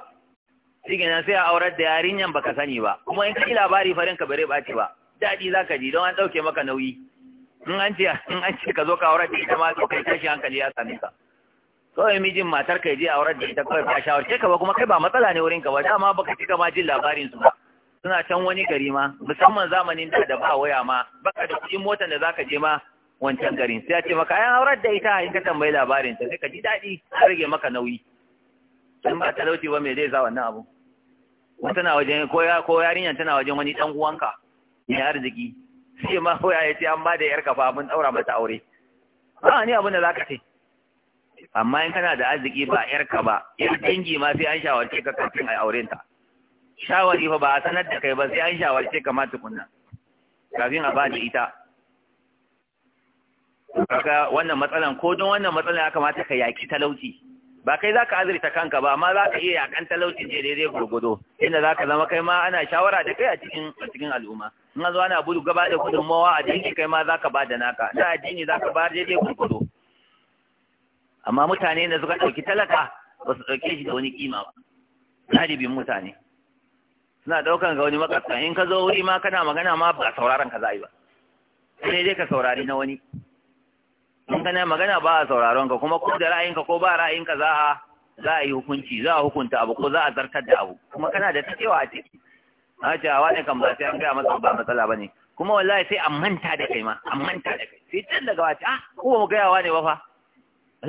shi nan sai a aurar da yarinyan baka sani ba kuma in ka ji labari farin ka bare ɓaci ba daɗi za ka ji don an ɗauke maka nauyi in an ce in an ce ka zo ka aurar da ita ma to kai tashi hankali ya same ka kawai mijin matar ka je aurar da ita kawai ka shawarce ka ba kuma kai ba matsala ne wurin ka ba dama baka cika ma jin labarin su ba suna can wani gari ma musamman zamanin da da ba waya ma baka da kuɗin motar da zaka je ma wancan garin sai ya ce maka ayan aurar da ita in ka tambayi labarin ta sai ka ji daɗi ka rage maka nauyi in ba talauci ba me zai sa wannan abu wata na wajen ko ya ko yarinyar tana wajen wani dan uwanka mai arziki sai ma koya ya ce an ba da yar kafa mun daura mata aure ba ni abin da zaka ce amma in kana da arziki ba yarka ba yar dangi ma sai an shawarce ka kafin ai aurenta ta shawari fa ba a sanar da kai ba sai an shawarce kamata tukunna kafin a bada ita kaga wannan matsalan ko don wannan matsalan ya kamata ka yaki talauci ba kai zaka azurta kanka ba amma zaka iya yakan talauci je daidai gurgudo inda zaka zama kai ma ana shawara da kai a cikin a cikin al'umma in zo ana budu gaba da mawa a dinki kai ma zaka bada naka da addini zaka ba daidai gurgudo amma mutane da suka dauki talaka ba su dauke shi da wani kima ba galibin mutane suna daukan ga wani makasa in ka zo wuri ma kana magana ma ba sauraron ka za a yi ba sai dai ka saurari na wani in kana magana ba a sauraron ka kuma ko da ra'ayinka ko ba ra'ayinka za a za a yi hukunci za a hukunta abu ko za a zartar da abu kuma kana da ta cewa a ciki a ce a wani kan ba sai an gaya masa ba matsala ba ne kuma wallahi sai an manta da kai ma an manta da kai sai can daga wace ah ko mu wa ne ba fa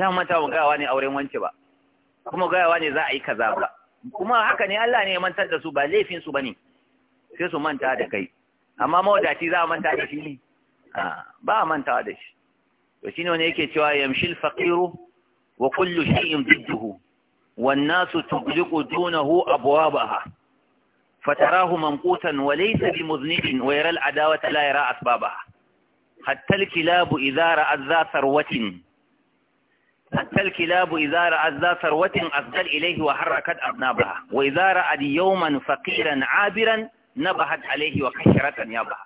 mu manta mu wa ne auren wance ba kuma wa ne za a yi kaza ba kuma haka ne Allah ne ya mantar da su ba laifin su bane sai su manta da kai amma mawadaci za a manta da shi ne ba a mantawa da shi to shine wani yake cewa yamshil faqiru wa kullu shay'in bidduhu wan nasu tughliqu dunahu abwabaha فتراه منقوتا وليس بمذنب ويرى العداوة لا يرى أسبابها حتى kilabu إذا رأت za ثروة حتى الكلاب إذا رأت ذا ثروة أفضل إليه وحركت أبنابها وإذا رأت يوما فقيرا عابرا نبهت عليه وكشرت يابها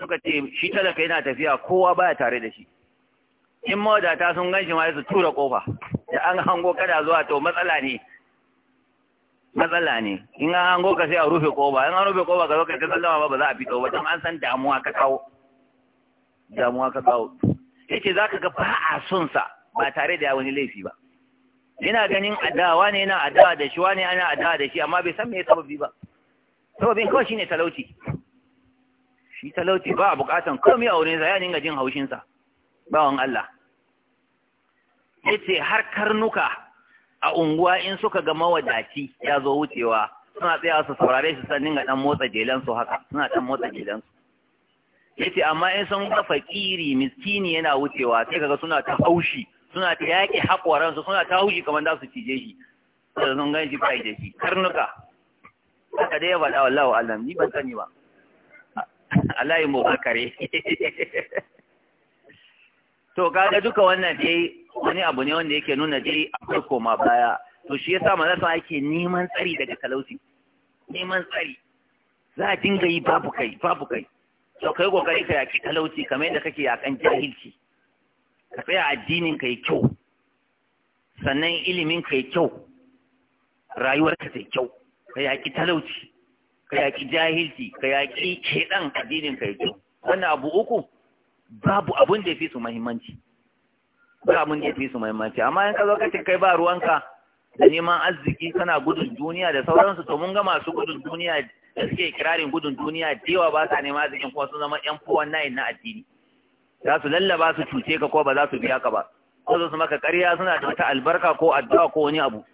suka ce shi talaka yana tafiya kowa baya tare da shi in mawadata sun ganshi ma su tura kofa da an hango kada zuwa to matsala ne matsala ne in an hango ka sai a rufe kofa in an rufe kofa ka zo kai ta sallama ba za a fito ba don an san damuwa ka kawo damuwa ka kawo yace zaka ga ba a son sa ba tare da wani laifi ba yana ganin adawa ne yana adawa da shi wani ana adawa da shi amma bai san me sababi ba sababin kawai shine talauci shi talauci ba a bukatan komai a wurin sa ya dinga jin haushin sa bawan Allah yace har karnuka a unguwa in suka ga mawadaci ya zo wucewa suna tsaya su saurare su san dinga dan motsa jelan su haka suna dan motsa jelan su yace amma in sun ga fakiri miskini yana wucewa sai kaga suna ta haushi suna ta yaƙi haƙoransu suna ta hushi kamar za su cije shi da sun gan shi bai da shi karnuka haka dai ya faɗa wallahu alam ni ban sani ba Allah ya mu kare to kaga duka wannan dai wani abu ne wanda yake nuna dai akwai koma baya to shi yasa manzo sa ake neman tsari daga talauci neman tsari za a dinga yi babu kai babu kai to kai kokari ka yaki talauci kamar yadda kake yakan jahilci ka tsaya addinin ka yi kyau sannan ilimin ka yi kyau rayuwarka ta yi kyau ka yaƙi talauci ka yaƙi jahilci ka yaƙi keɗan addinin ka yi kyau wannan abu uku babu abun da ya fi su muhimmanci ba abun da ya fi su muhimmanci amma in ka zo ka kai ba ruwanka da neman arziki kana gudun duniya da sauransu to mun ga masu gudun duniya da suke kirarin gudun duniya da yawa ba sa neman arzikin kuma sun zama yan 419 na addini za su lallaba su cuce ka ko ba za su biya ka ba ko su maka ƙarya suna da wata albarka ko addu'a ko wani abu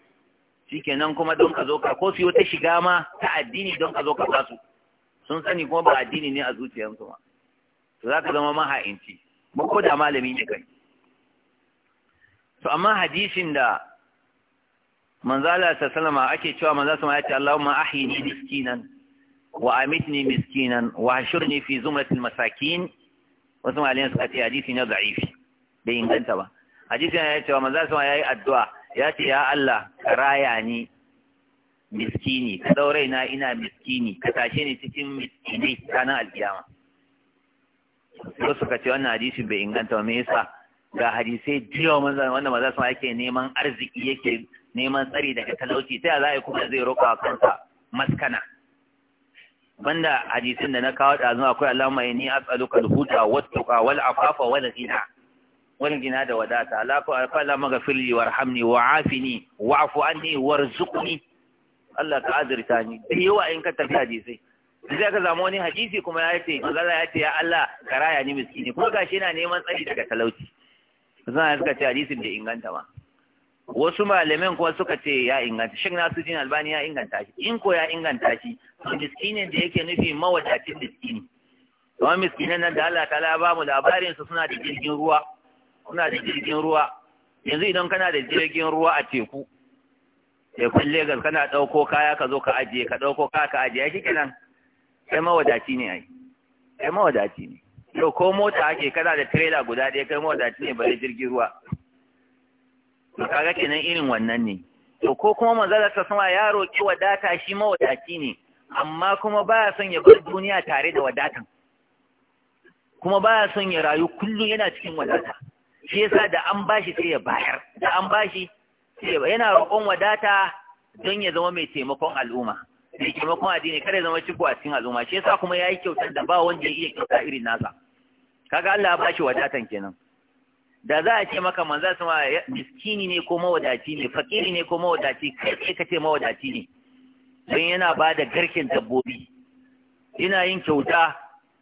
shikenan kuma don ka zo ka ko su yi wata shiga ma ta addini don ka zo ka ba su sun sani kuma ba addini ne a zuciyarsu ma to za ka zama maha'inci ba ko da malami ne kai to amma hadisin da manzala ta salama ake cewa manza sama ya ce Allahumma ahyini miskinan wa amitni miskinan wa ashurni fi zumratil masakin wasu malayan suka ce hadisi na za'ifi bai inganta ba hadisi ya cewa maza sama ya yi addu'a ya ce ya Allah ka raya ni miskini ka daure na ina miskini ka tashe ni cikin miskini ranar alkiyama so suka ce wannan hadisi bai inganta ba me yasa ga hadisai jiya manza wanda maza sama yake neman arziki yake neman tsari daga talauci ta ya za a yi kuma zai roƙa kansa maskana banda hadisin da na kawo da zuwa akwai alama inni as'aluka al-huda huta tuqa wal-afafa wal gina wal gina da wadata alaka alfa la "wa warhamni "an wa'fu anni warzuqni Allah ka azurta ni da yawa in ka tafi hadisai sai ka zama wani hadisi kuma ya ce manzala ya ce ya Allah ka raya ni miskini kuma gashi yana neman tsari daga talauci zan suka ce hadisin da inganta ma wasu malamin kuma suka ce ya inganta shin jin albani ya inganta shi in ko ya inganta shi to miskinin da yake nufi mawadacin miskini kuma miskinan nan da Allah ta ba mu labarin su suna da jirgin ruwa suna da jirgin ruwa yanzu idan kana da jirgin ruwa a teku tekun Legas kana ɗauko kaya ka zo ka ajiye ka ɗauko kaya ka ajiye shi kenan sai mawadaci ne ai sai mawadaci ne yau ko mota ake kana da trailer guda ɗaya kai mawadaci ne bare jirgin ruwa to kaga kenan irin wannan ne to ko kuma manzalar sama ya roki wadata shi mawadaci ne amma kuma baya son ya bar duniya tare da wadatan kuma baya son ya rayu kullum yana cikin wadata shi yasa da an bashi sai ya bayar da an bashi sai ya yana roƙon wadata don ya zama mai taimakon al'umma mai taimakon addini kada ya zama ciko a cikin al'umma shi yasa kuma yi kyautar da ba wanda ya iya kyauta irin nasa kaga Allah ya bashi wadatan kenan da za a ce maka manzo sama miskini ne ko mawadaci ne fakiri ne ko mawadaci kai kai ka ce mawadaci ne don yana ba da garken dabbobi Ina yin kyauta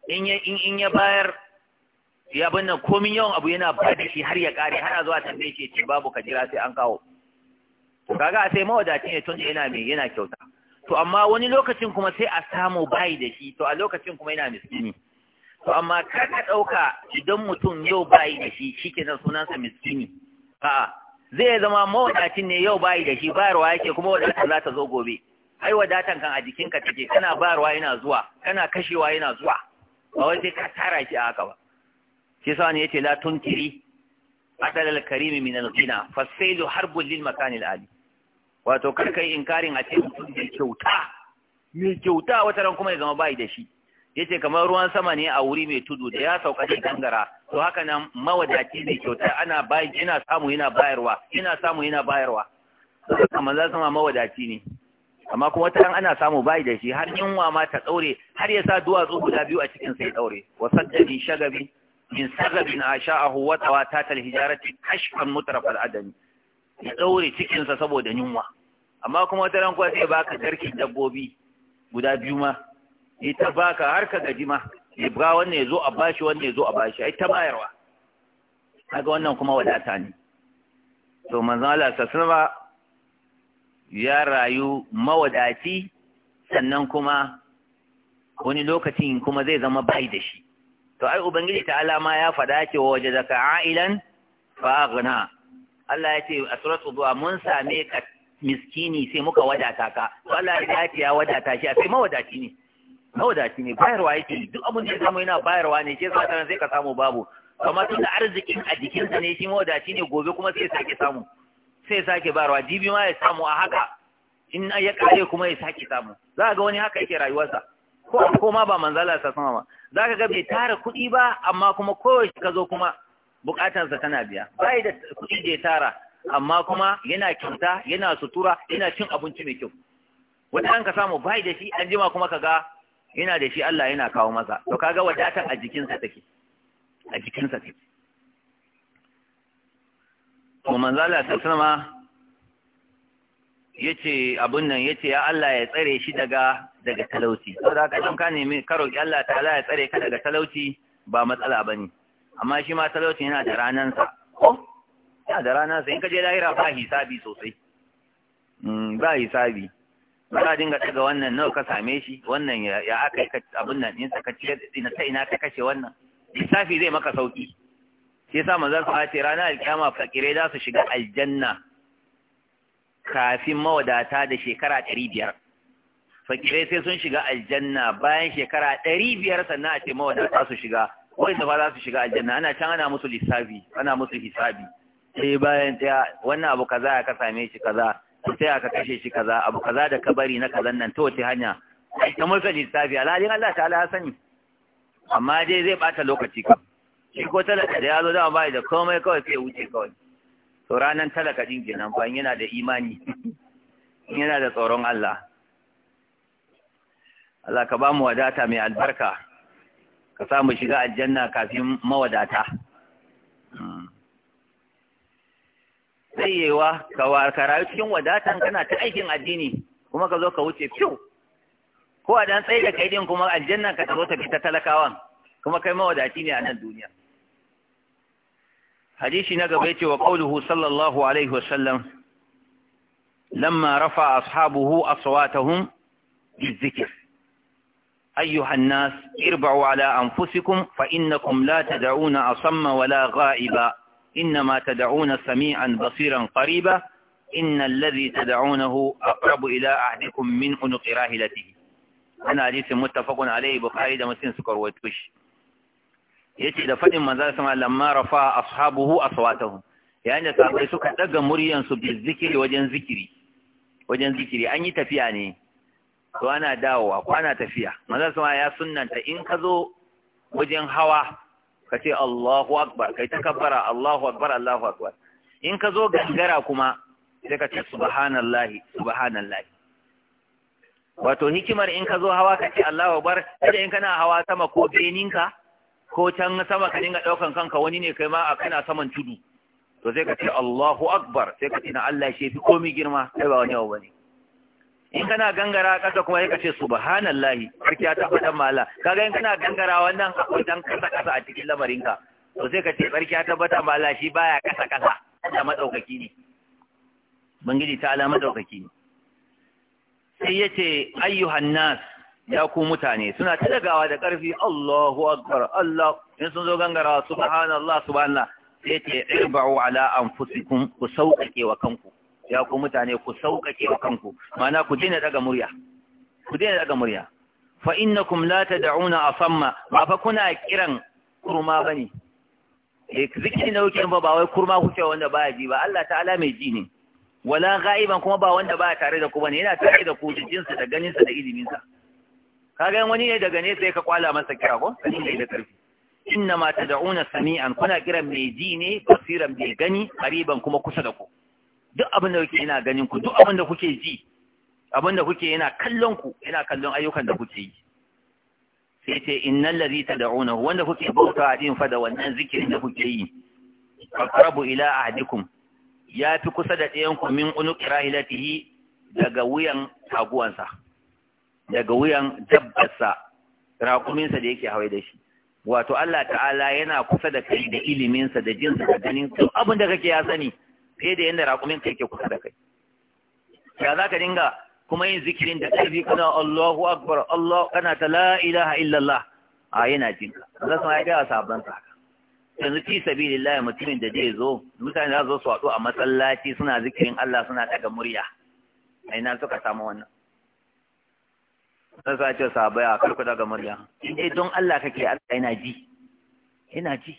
in ya in ya bayar ya nan komin yawan abu yana ba da shi har ya kare har a zuwa tambaye shi ce babu ka jira sai an kawo to kaga a sai mawadaci ne tun yana mai yana kyauta to amma wani lokacin kuma sai a samu bai da shi to a lokacin kuma yana miskini to amma kar ka ɗauka idan mutum yau bayi da shi shikenan sunansa miskini a'a zai zama mawadacin ne yau bayi da shi bayarwa yake kuma wadatar za ta zo gobe ai wadatan kan a jikinka take kana bayarwa yana zuwa kana kashewa yana zuwa ba wai sai ka tara shi a haka ba shi sa ne yace la tunkiri adal al karimi min al ghina fasailu harbun lil makan al ali wato kar inkarin a ce mutum mai kyauta mai kyauta wata ran kuma ya zama bayi da shi yace kamar ruwan sama ne a wuri mai tudu da ya sauka shi gangara to haka nan mawadaci ne kyauta ana bayi ina samu yana bayarwa ina samu yana bayarwa kamar za sama mawadaci ne amma kuma ta ana samu bayi da shi har yunwa ma ta daure har ya sa duwatsu guda biyu a cikin sai daure wa saddadi shagabi min sagabin asha'ahu wa tawatatal hijarati kashfan mutarafa al'adami ya daure cikin sa saboda yunwa amma kuma wata ran kuwa sai baka garkin dabbobi guda biyu ma Ita baka har ka gaji ma ya ga wannan ya zo a bashi wannan ya zo a bashi ai ta bayarwa kaga wannan kuma wadata ne to manzo Allah sallallahu ya rayu mawadaci sannan kuma wani lokacin kuma zai zama bai da shi to ai ubangiji ta alama ya faɗa ke waje zaka ailan fa aghna Allah ya ce a suratul du'a mun same ka miskini sai muka wadata ka to Allah ya ce ya wadata shi a sai mawadaci ne mawadaci ne bayarwa yake duk abin da ya samu yana bayarwa ne ke sa sai ka samu babu amma tun da arzikin a jikinsa ne shi mawadaci ne gobe kuma sai sake samu sai sake bayarwa jibi ma ya samu a haka in ya kare kuma ya sake samu za ga wani haka yake rayuwarsa ko a koma ba manzala sa sama ma za ka ga bai tara kuɗi ba amma kuma kowace ka zo kuma Buƙatansa tana biya bai da kuɗi da ya tara amma kuma yana kyauta yana sutura yana cin abinci mai kyau Wani an ka samu bai da shi an jima kuma ka ga ina da shi Allah yana kawo masa to kaga wadatan a jikinsa take a jikinsa take to manzala sallama yace abun nan yace ya Allah ya tsare shi daga daga talauci saboda haka dan ka nemi ka roki Allah ta'ala ya tsare ka daga talauci ba matsala bane amma shi ma talauci yana da ranansa ko yana da ranansa in ka je lahira ba hisabi sosai hmm, ba hisabi ba a dinga daga wannan nawa ka same shi wannan ya aka yi abin nan ɗinsa ka ce na ta ina ka kashe wannan lissafi zai maka sauki shi yasa manzon su ce ranar alkiyama fakirai za su shiga aljanna kafin mawadata da shekara ɗari biyar fakirai sai sun shiga aljanna bayan shekara ɗari biyar sannan a ce mawadata su shiga wai fa za su shiga aljanna ana can ana musu lissafi ana musu hisabi sai bayan ɗaya wannan abu kaza ya ka same shi kaza ku sai aka kashe shi kaza abu kaza da kabari na kazan nan ta wace hanya ta mulka lissafi alhalin Allah ta al'a sani amma dai zai bata lokaci kam shi ko talaka da ya zo dama bai da komai kawai sai wuce kawai to ranan talaka din kenan ba yana da imani yana da tsoron Allah Allah ka ba mu wadata mai albarka ka samu shiga aljanna kafin mawadata hmm. tsayewa ka rayu cikin wadatan kana ta aikin addini kuma ka zo ka wuce fiw ko a dan tsaye da kai din kuma aljanna ka zo ta fita talakawan kuma kai mawadaci ne a nan duniya hadisi na gaba yace wa qauluhu sallallahu alaihi wasallam lamma rafa ashabuhu aswatahum bizikr أيها الناس اربعوا على أنفسكم فإنكم لا تدعون أصم wala غائبا إنما تدعون سميعا بصيرا قريبا إن الذي تدعونه أقرب إلى أحدكم من أنق راهلته أنا حديث متفق عليه بخاري ده سكر ويتوش yace da fadin manzo sama lamma rafa ashabuhu aswatahum yayin da sahabbai suka daga muryan su bi zikiri wajen zikiri an yi tafiya ne to ana dawowa ko ana tafiya manzo sama ya sunnanta in ka zo wajen hawa ka ce Allahu akbar kai ta kabbara Allahu akbar Allahu akbar in ka zo gangara kuma sai ka ce subhanallahi subhanallahi wato hikimar in ka zo hawa ka ce Allahu akbar kada in kana hawa sama ko beninka ko can sama ka dinga ɗaukan kanka wani ne kai ma a kana saman tudu to sai ka ce Allahu akbar sai ka ce na Allah shi fi komai girma sai ba wani abu bane in kana gangara ƙasa kuma ya ka ce subhanallahi kake ta fada mala kaga in kana gangara wannan akwai dan kasa kasa a cikin lamarinka to sai ka ce barki ta fada mala shi baya kasa kasa da madaukaki ne bangiji ta alama madaukaki ne sai yace ayyuhan nas ya ku mutane suna ta da ƙarfi Allahu akbar Allah in sun zo gangara subhanallah subhanallah sai yace irba'u ala anfusikum ku sauƙaƙe wa kanku ya ku mutane ku sauƙaƙe wa kanku ma'ana ku daina daga murya ku daina daga murya fa innakum la tad'una asamma ba fa kuna kiran kurma bane eh zikiri na kuke ba wai kurma kuke wanda ba ji ba Allah ta'ala mai ji ne wala ghaiban kuma ba wanda baya tare da ku bane yana tare da ku jin sa da ganin sa da ilimin sa kaga wani ne daga ne sai ka kwala masa kira ko sai da karfi inna ma tad'una sami'an kuna kiran mai ji ne basiran mai gani qariban kuma kusa da ku duk abin da kuke yana ganin ku duk abin da kuke ji abin da kuke yana kallon ku yana kallon ayyukan da kuke yi sai ce innal ladhi tad'una wanda kuke bauta din fa da wannan zikirin da kuke yi aqrabu ila ahdikum ya fi kusa da ɗayan ku min unu rahilatihi daga wuyan taguwansa daga wuyan dabbarsa raƙuminsa da yake hawaye da shi wato Allah ta'ala yana kusa da kai da iliminsa da jinsa da ganin abin da kake ya sani fiye da yadda raƙumin ka yake kusa da kai ya za ka dinga kuma yin zikirin da ƙarfi kana Allahu Akbar Allah kana ta la ilaha illallah a yana jin ka su ma ya ga sabon sa yanzu sabi lillahi mutumin da zai zo mutane za su zo su a masallaci suna zikirin Allah suna daga murya a ina suka samu wannan sai sa ce sahabbai a karku daga murya in dai don Allah kake Allah yana ji yana ji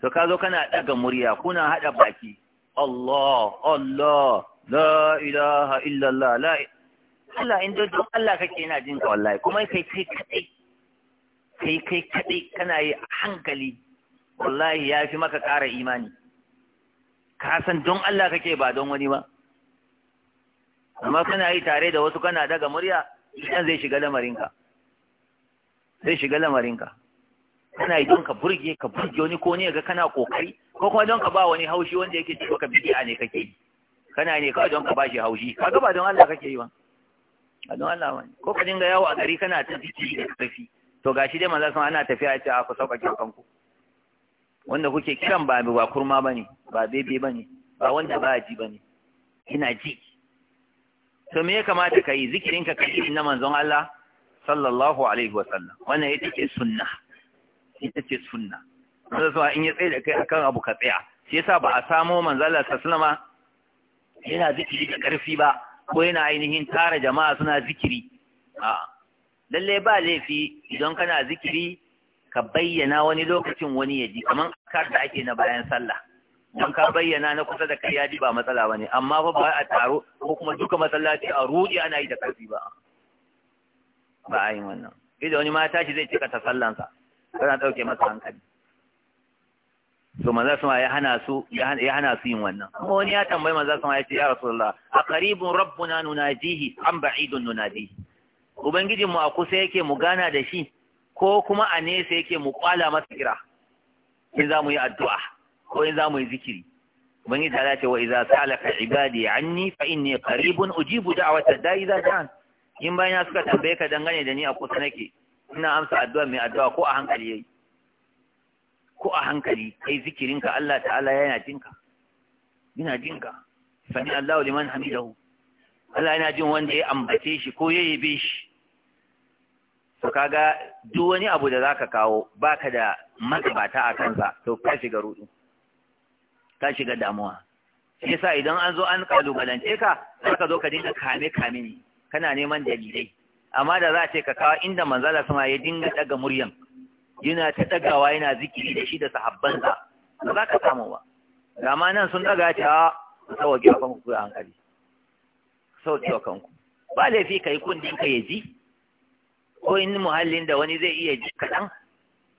to ka zo kana daga murya kuna haɗa baki Allah Allah la ilaha illallah la Allah in don Allah kake yana jin ka wallahi kuma kai kai kadai kai kai kadai kana yi a hankali wallahi ya fi maka ƙara imani ka san don Allah kake ba don wani ba amma kana yi tare da wasu kana daga murya idan zai shiga lamarinka zai shiga lamarinka kana yi don ka burge ka burge wani ko ne ga kana kokari ko kuma don ka ba wani haushi wanda yake cewa ka bid'a ne kake yi kana ne kawai don ka ba shi haushi kaga ba don Allah kake yi ba a don Allah ba ko ka dinga yawo a gari kana ta ciki da tafi to gashi dai manzo ana tafiya ce a ku sauƙaƙe kanku wanda kuke kiran ba ba kurma bane ba bebe bane ba wanda ba ji bane ina ji to me ya kamata ka yi zikirin ka kai na manzon Allah sallallahu alaihi wasallam wannan ita ce sunna ita ce sunna wanda in ya tsaye da kai kan abu ka tsaya shi yasa ba a samo manzo Allah yana zikiri da karfi ba ko yana ainihin tara jama'a suna zikiri a lalle ba laifi idan kana zikiri ka bayyana wani lokacin wani ya ji kamar kar da ake na bayan sallah don ka bayyana na kusa da kai ya ji ba matsala ba ne. amma ba a taro ko kuma duka masallaci a ruɗe ana yi da karfi ba ba a yi wannan idan wani mata shi zai cika ta sallansa kana ɗauke masa hankali to manzo sun ya hana su ya hana su yin wannan kuma wani ya tambayi manzo sun ya ce ya rasulullah a qaribun rabbuna nunajihi am ba'idun nunadihi ubangijin mu a kusa yake mu gana da shi ko kuma a nesa yake mu kwala masa kira in za mu yi addu'a ko in za mu yi zikiri ubangiji ta ce wa idza salaka ibadi anni fa inni qaribun ujibu da'wata da'i idza da'an in bayan suka tambaye ka dangane da ni a kusa nake ina amsa addu'a mai addu'a ko a hankali yayi ko a hankali kai zikirinka Allah ta'ala yana jinka yana jinka sami Allahu liman hamidahu Allah yana jin wanda ya ambace shi ko ya yabe shi to kaga duk wani abu da zaka kawo baka da magabata a kansa to ka shiga rudu ka shiga damuwa shi yasa idan an zo an kalubalance ka ka zo ka dinga kame kame ne kana neman dalilai amma da za a ce ka kawo inda manzala sama ya dinga daga muryan yana ta dagawa yana zikiri da shi da sahabbansa ba za ka samu ba dama nan sun daga ta ah, sauke wa kanku a hankali sauke wa kanku ba laifi ka yi kundin ka ya ji ko in muhallin da wani zai iya ji kaɗan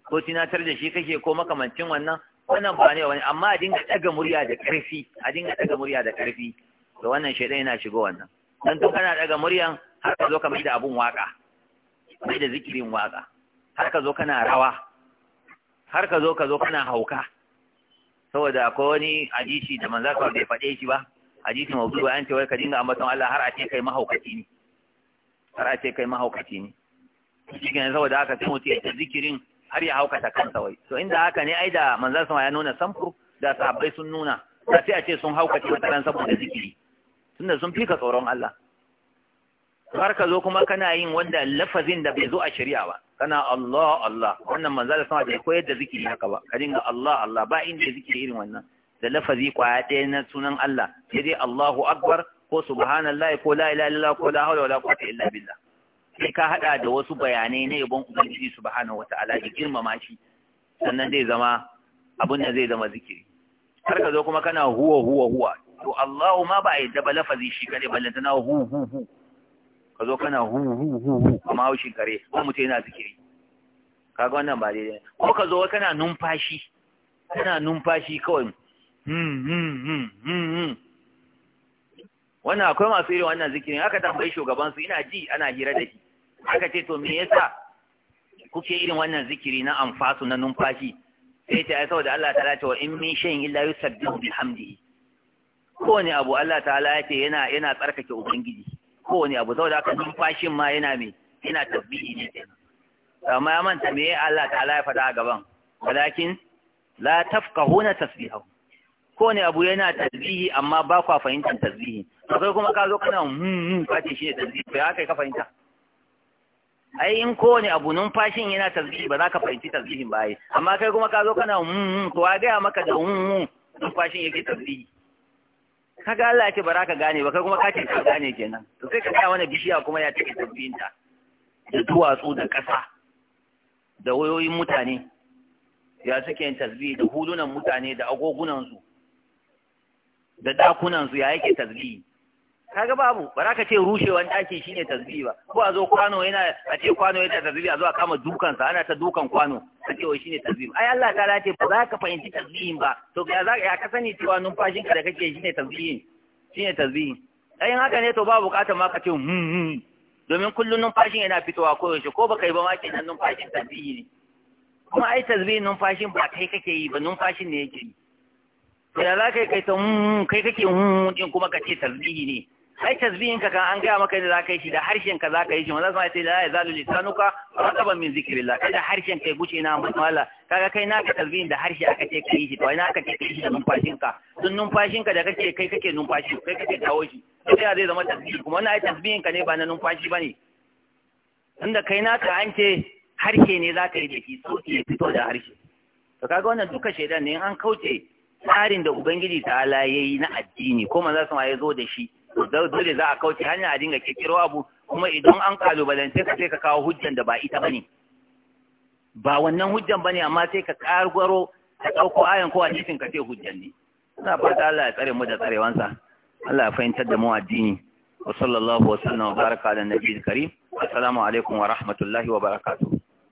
ko tunatar da shi kake ko makamancin wannan wannan ba ne wani amma a dinga ɗaga murya da ƙarfi a dinga ɗaga murya da ƙarfi da wannan shaidan yana shigo wannan dan tun kana ɗaga muryan har ka zo ka mai da abun waka mai da zikirin waka har ka zo kana rawa har ka zo ka zo kana hauka saboda akwai wani hadisi da manzo ka bai fade shi ba hadisi mawdu an ce wai ka dinga ambaton Allah har a ce kai mahaukaci ne har a ce kai mahaukaci ne shi ne saboda haka sai mutum ya zikirin har ya haukata kansa wai to inda haka ne ai da manzo sama ya nuna samfur da sahabbai sun nuna sai a ce sun hauka ta ran saboda zikiri tunda sun fika tsoron Allah har zo kuma kana yin wanda lafazin da bai zo a shari'a ba kana Allah Allah wannan manzo da sama bai koyar da zikiri haka ba ka dinga Allah Allah ba inda zikiri irin wannan da lafazi kwaya ɗaya na sunan Allah sai dai Allahu akbar ko subhanallahi ko la ilaha illallah ko la hawla wala quwwata illa billah sai ka hada da wasu bayanai na yabon ubangiji subhanahu wataala ki girmama shi sannan zai zama abun da zai zama zikiri har ka zo kuma kana huwa huwa huwa to Allahu ma ba a yadda ba lafazi shi kare ballantana hu hu hu ka zo kana hu hu hu hu amma haushin kare ko mutum yana zikiri kaga wannan ba daidai ko ka zo kana numfashi kana numfashi kawai hmm hmm, hmm hmm hmm wannan akwai masu irin wannan zikirin aka tambayi shugaban su ina ji ana hira da shi aka ce to me yasa kuke irin wannan zikiri na amfasu na numfashi sai ta ai saboda Allah ta'ala ce wa in min shay'in illa yusabbihu bihamdihi kowane abu Allah ta'ala ya ce yana yana tsarkake ubangiji kowane abu saboda haka numfashin ma yana me yana tasbihi ne amma ya manta me Allah ta'ala ya faɗa a gaban walakin la tafqahuna tasbihahu kowane abu yana tasbihi amma ba kwa fahimtar tasbihi akwai kuma ka zo kana hmm, hmm ka ce ne tasbihi to ya kai ka fahimta ai in kowane abu numfashin yana tasbihi ba za ka fahimci tasbihin ba ai amma kai kuma ka zo kana hmm, hmm to ya ga maka da hmm, hmm numfashin yake tasbihi kaga Allah ya ce ba za ka gane ba kai kuma ka ce ka gane kenan to sai ka sa wani bishiya kuma ya take ta da duwatsu da ƙasa da wayoyin mutane ya suke yin tasbihi da hulunan mutane da agogunan da dakunan ya yake tasbihi kaga babu ba za ka ce rushewan ɗaki shine tasbihi ba ko a zo kwano yana a ce kwano yana tasbihi a zo a kama dukansa ana ta dukan kwano a ce wai shine tasbihi ai Allah ta lace ba za ka fahimci tasbihin ba to ga za ya ka sani cewa numfashin ka da kake shine tasbihin shine tasbihi ai in haka ne to babu bukatar ma ka ce hmm, hmm. domin kullun numfashin yana fitowa ko yaushe ko baka yi ba ma kenan numfashin tasbihi ne kuma ai tasbihin numfashin ba kai kake yi ba numfashin ne yake yi to ya za ka yi kai ta hmm, hmm kai kake hmm, hmm din kuma ka ce tasbihi ne ai tasbihin ka kan an gaya maka da zaka yi shi da harshen ka zaka yi shi manzo sai da ya zalu lisanuka rataban min zikrillah kada harshen kai guce na mala kaga kai naka tasbihin da harshe aka ce kai shi to ai aka ce kai shi da numfashin ka sun numfashin ka da kake kai kake numfashi kai kake dawo shi sai zai zama tasbihi kuma wannan ai tasbihin ka ne ba na numfashi bane tunda kai naka an ce harshe ne zaka yi da shi sauti ya fito da harshe to kaga wannan duka shaidan ne an kauce tsarin da ubangiji ta ala yayi na addini ko manzo sai ya zo da shi dole za a kauce hanya a dinga kirkiro abu kuma idan an kalubalance ka sai ka kawo hujjan da ba ita bane ba wannan hujjan bane amma sai ka kargwaro ka dauko ayan ko hadisin ka sai hujjan ne ina fata Allah ya tsare mu da tsarewansa Allah ya fahimtar da mu addini wa sallallahu wa sallama baraka assalamu alaikum wa rahmatullahi wa barakatuh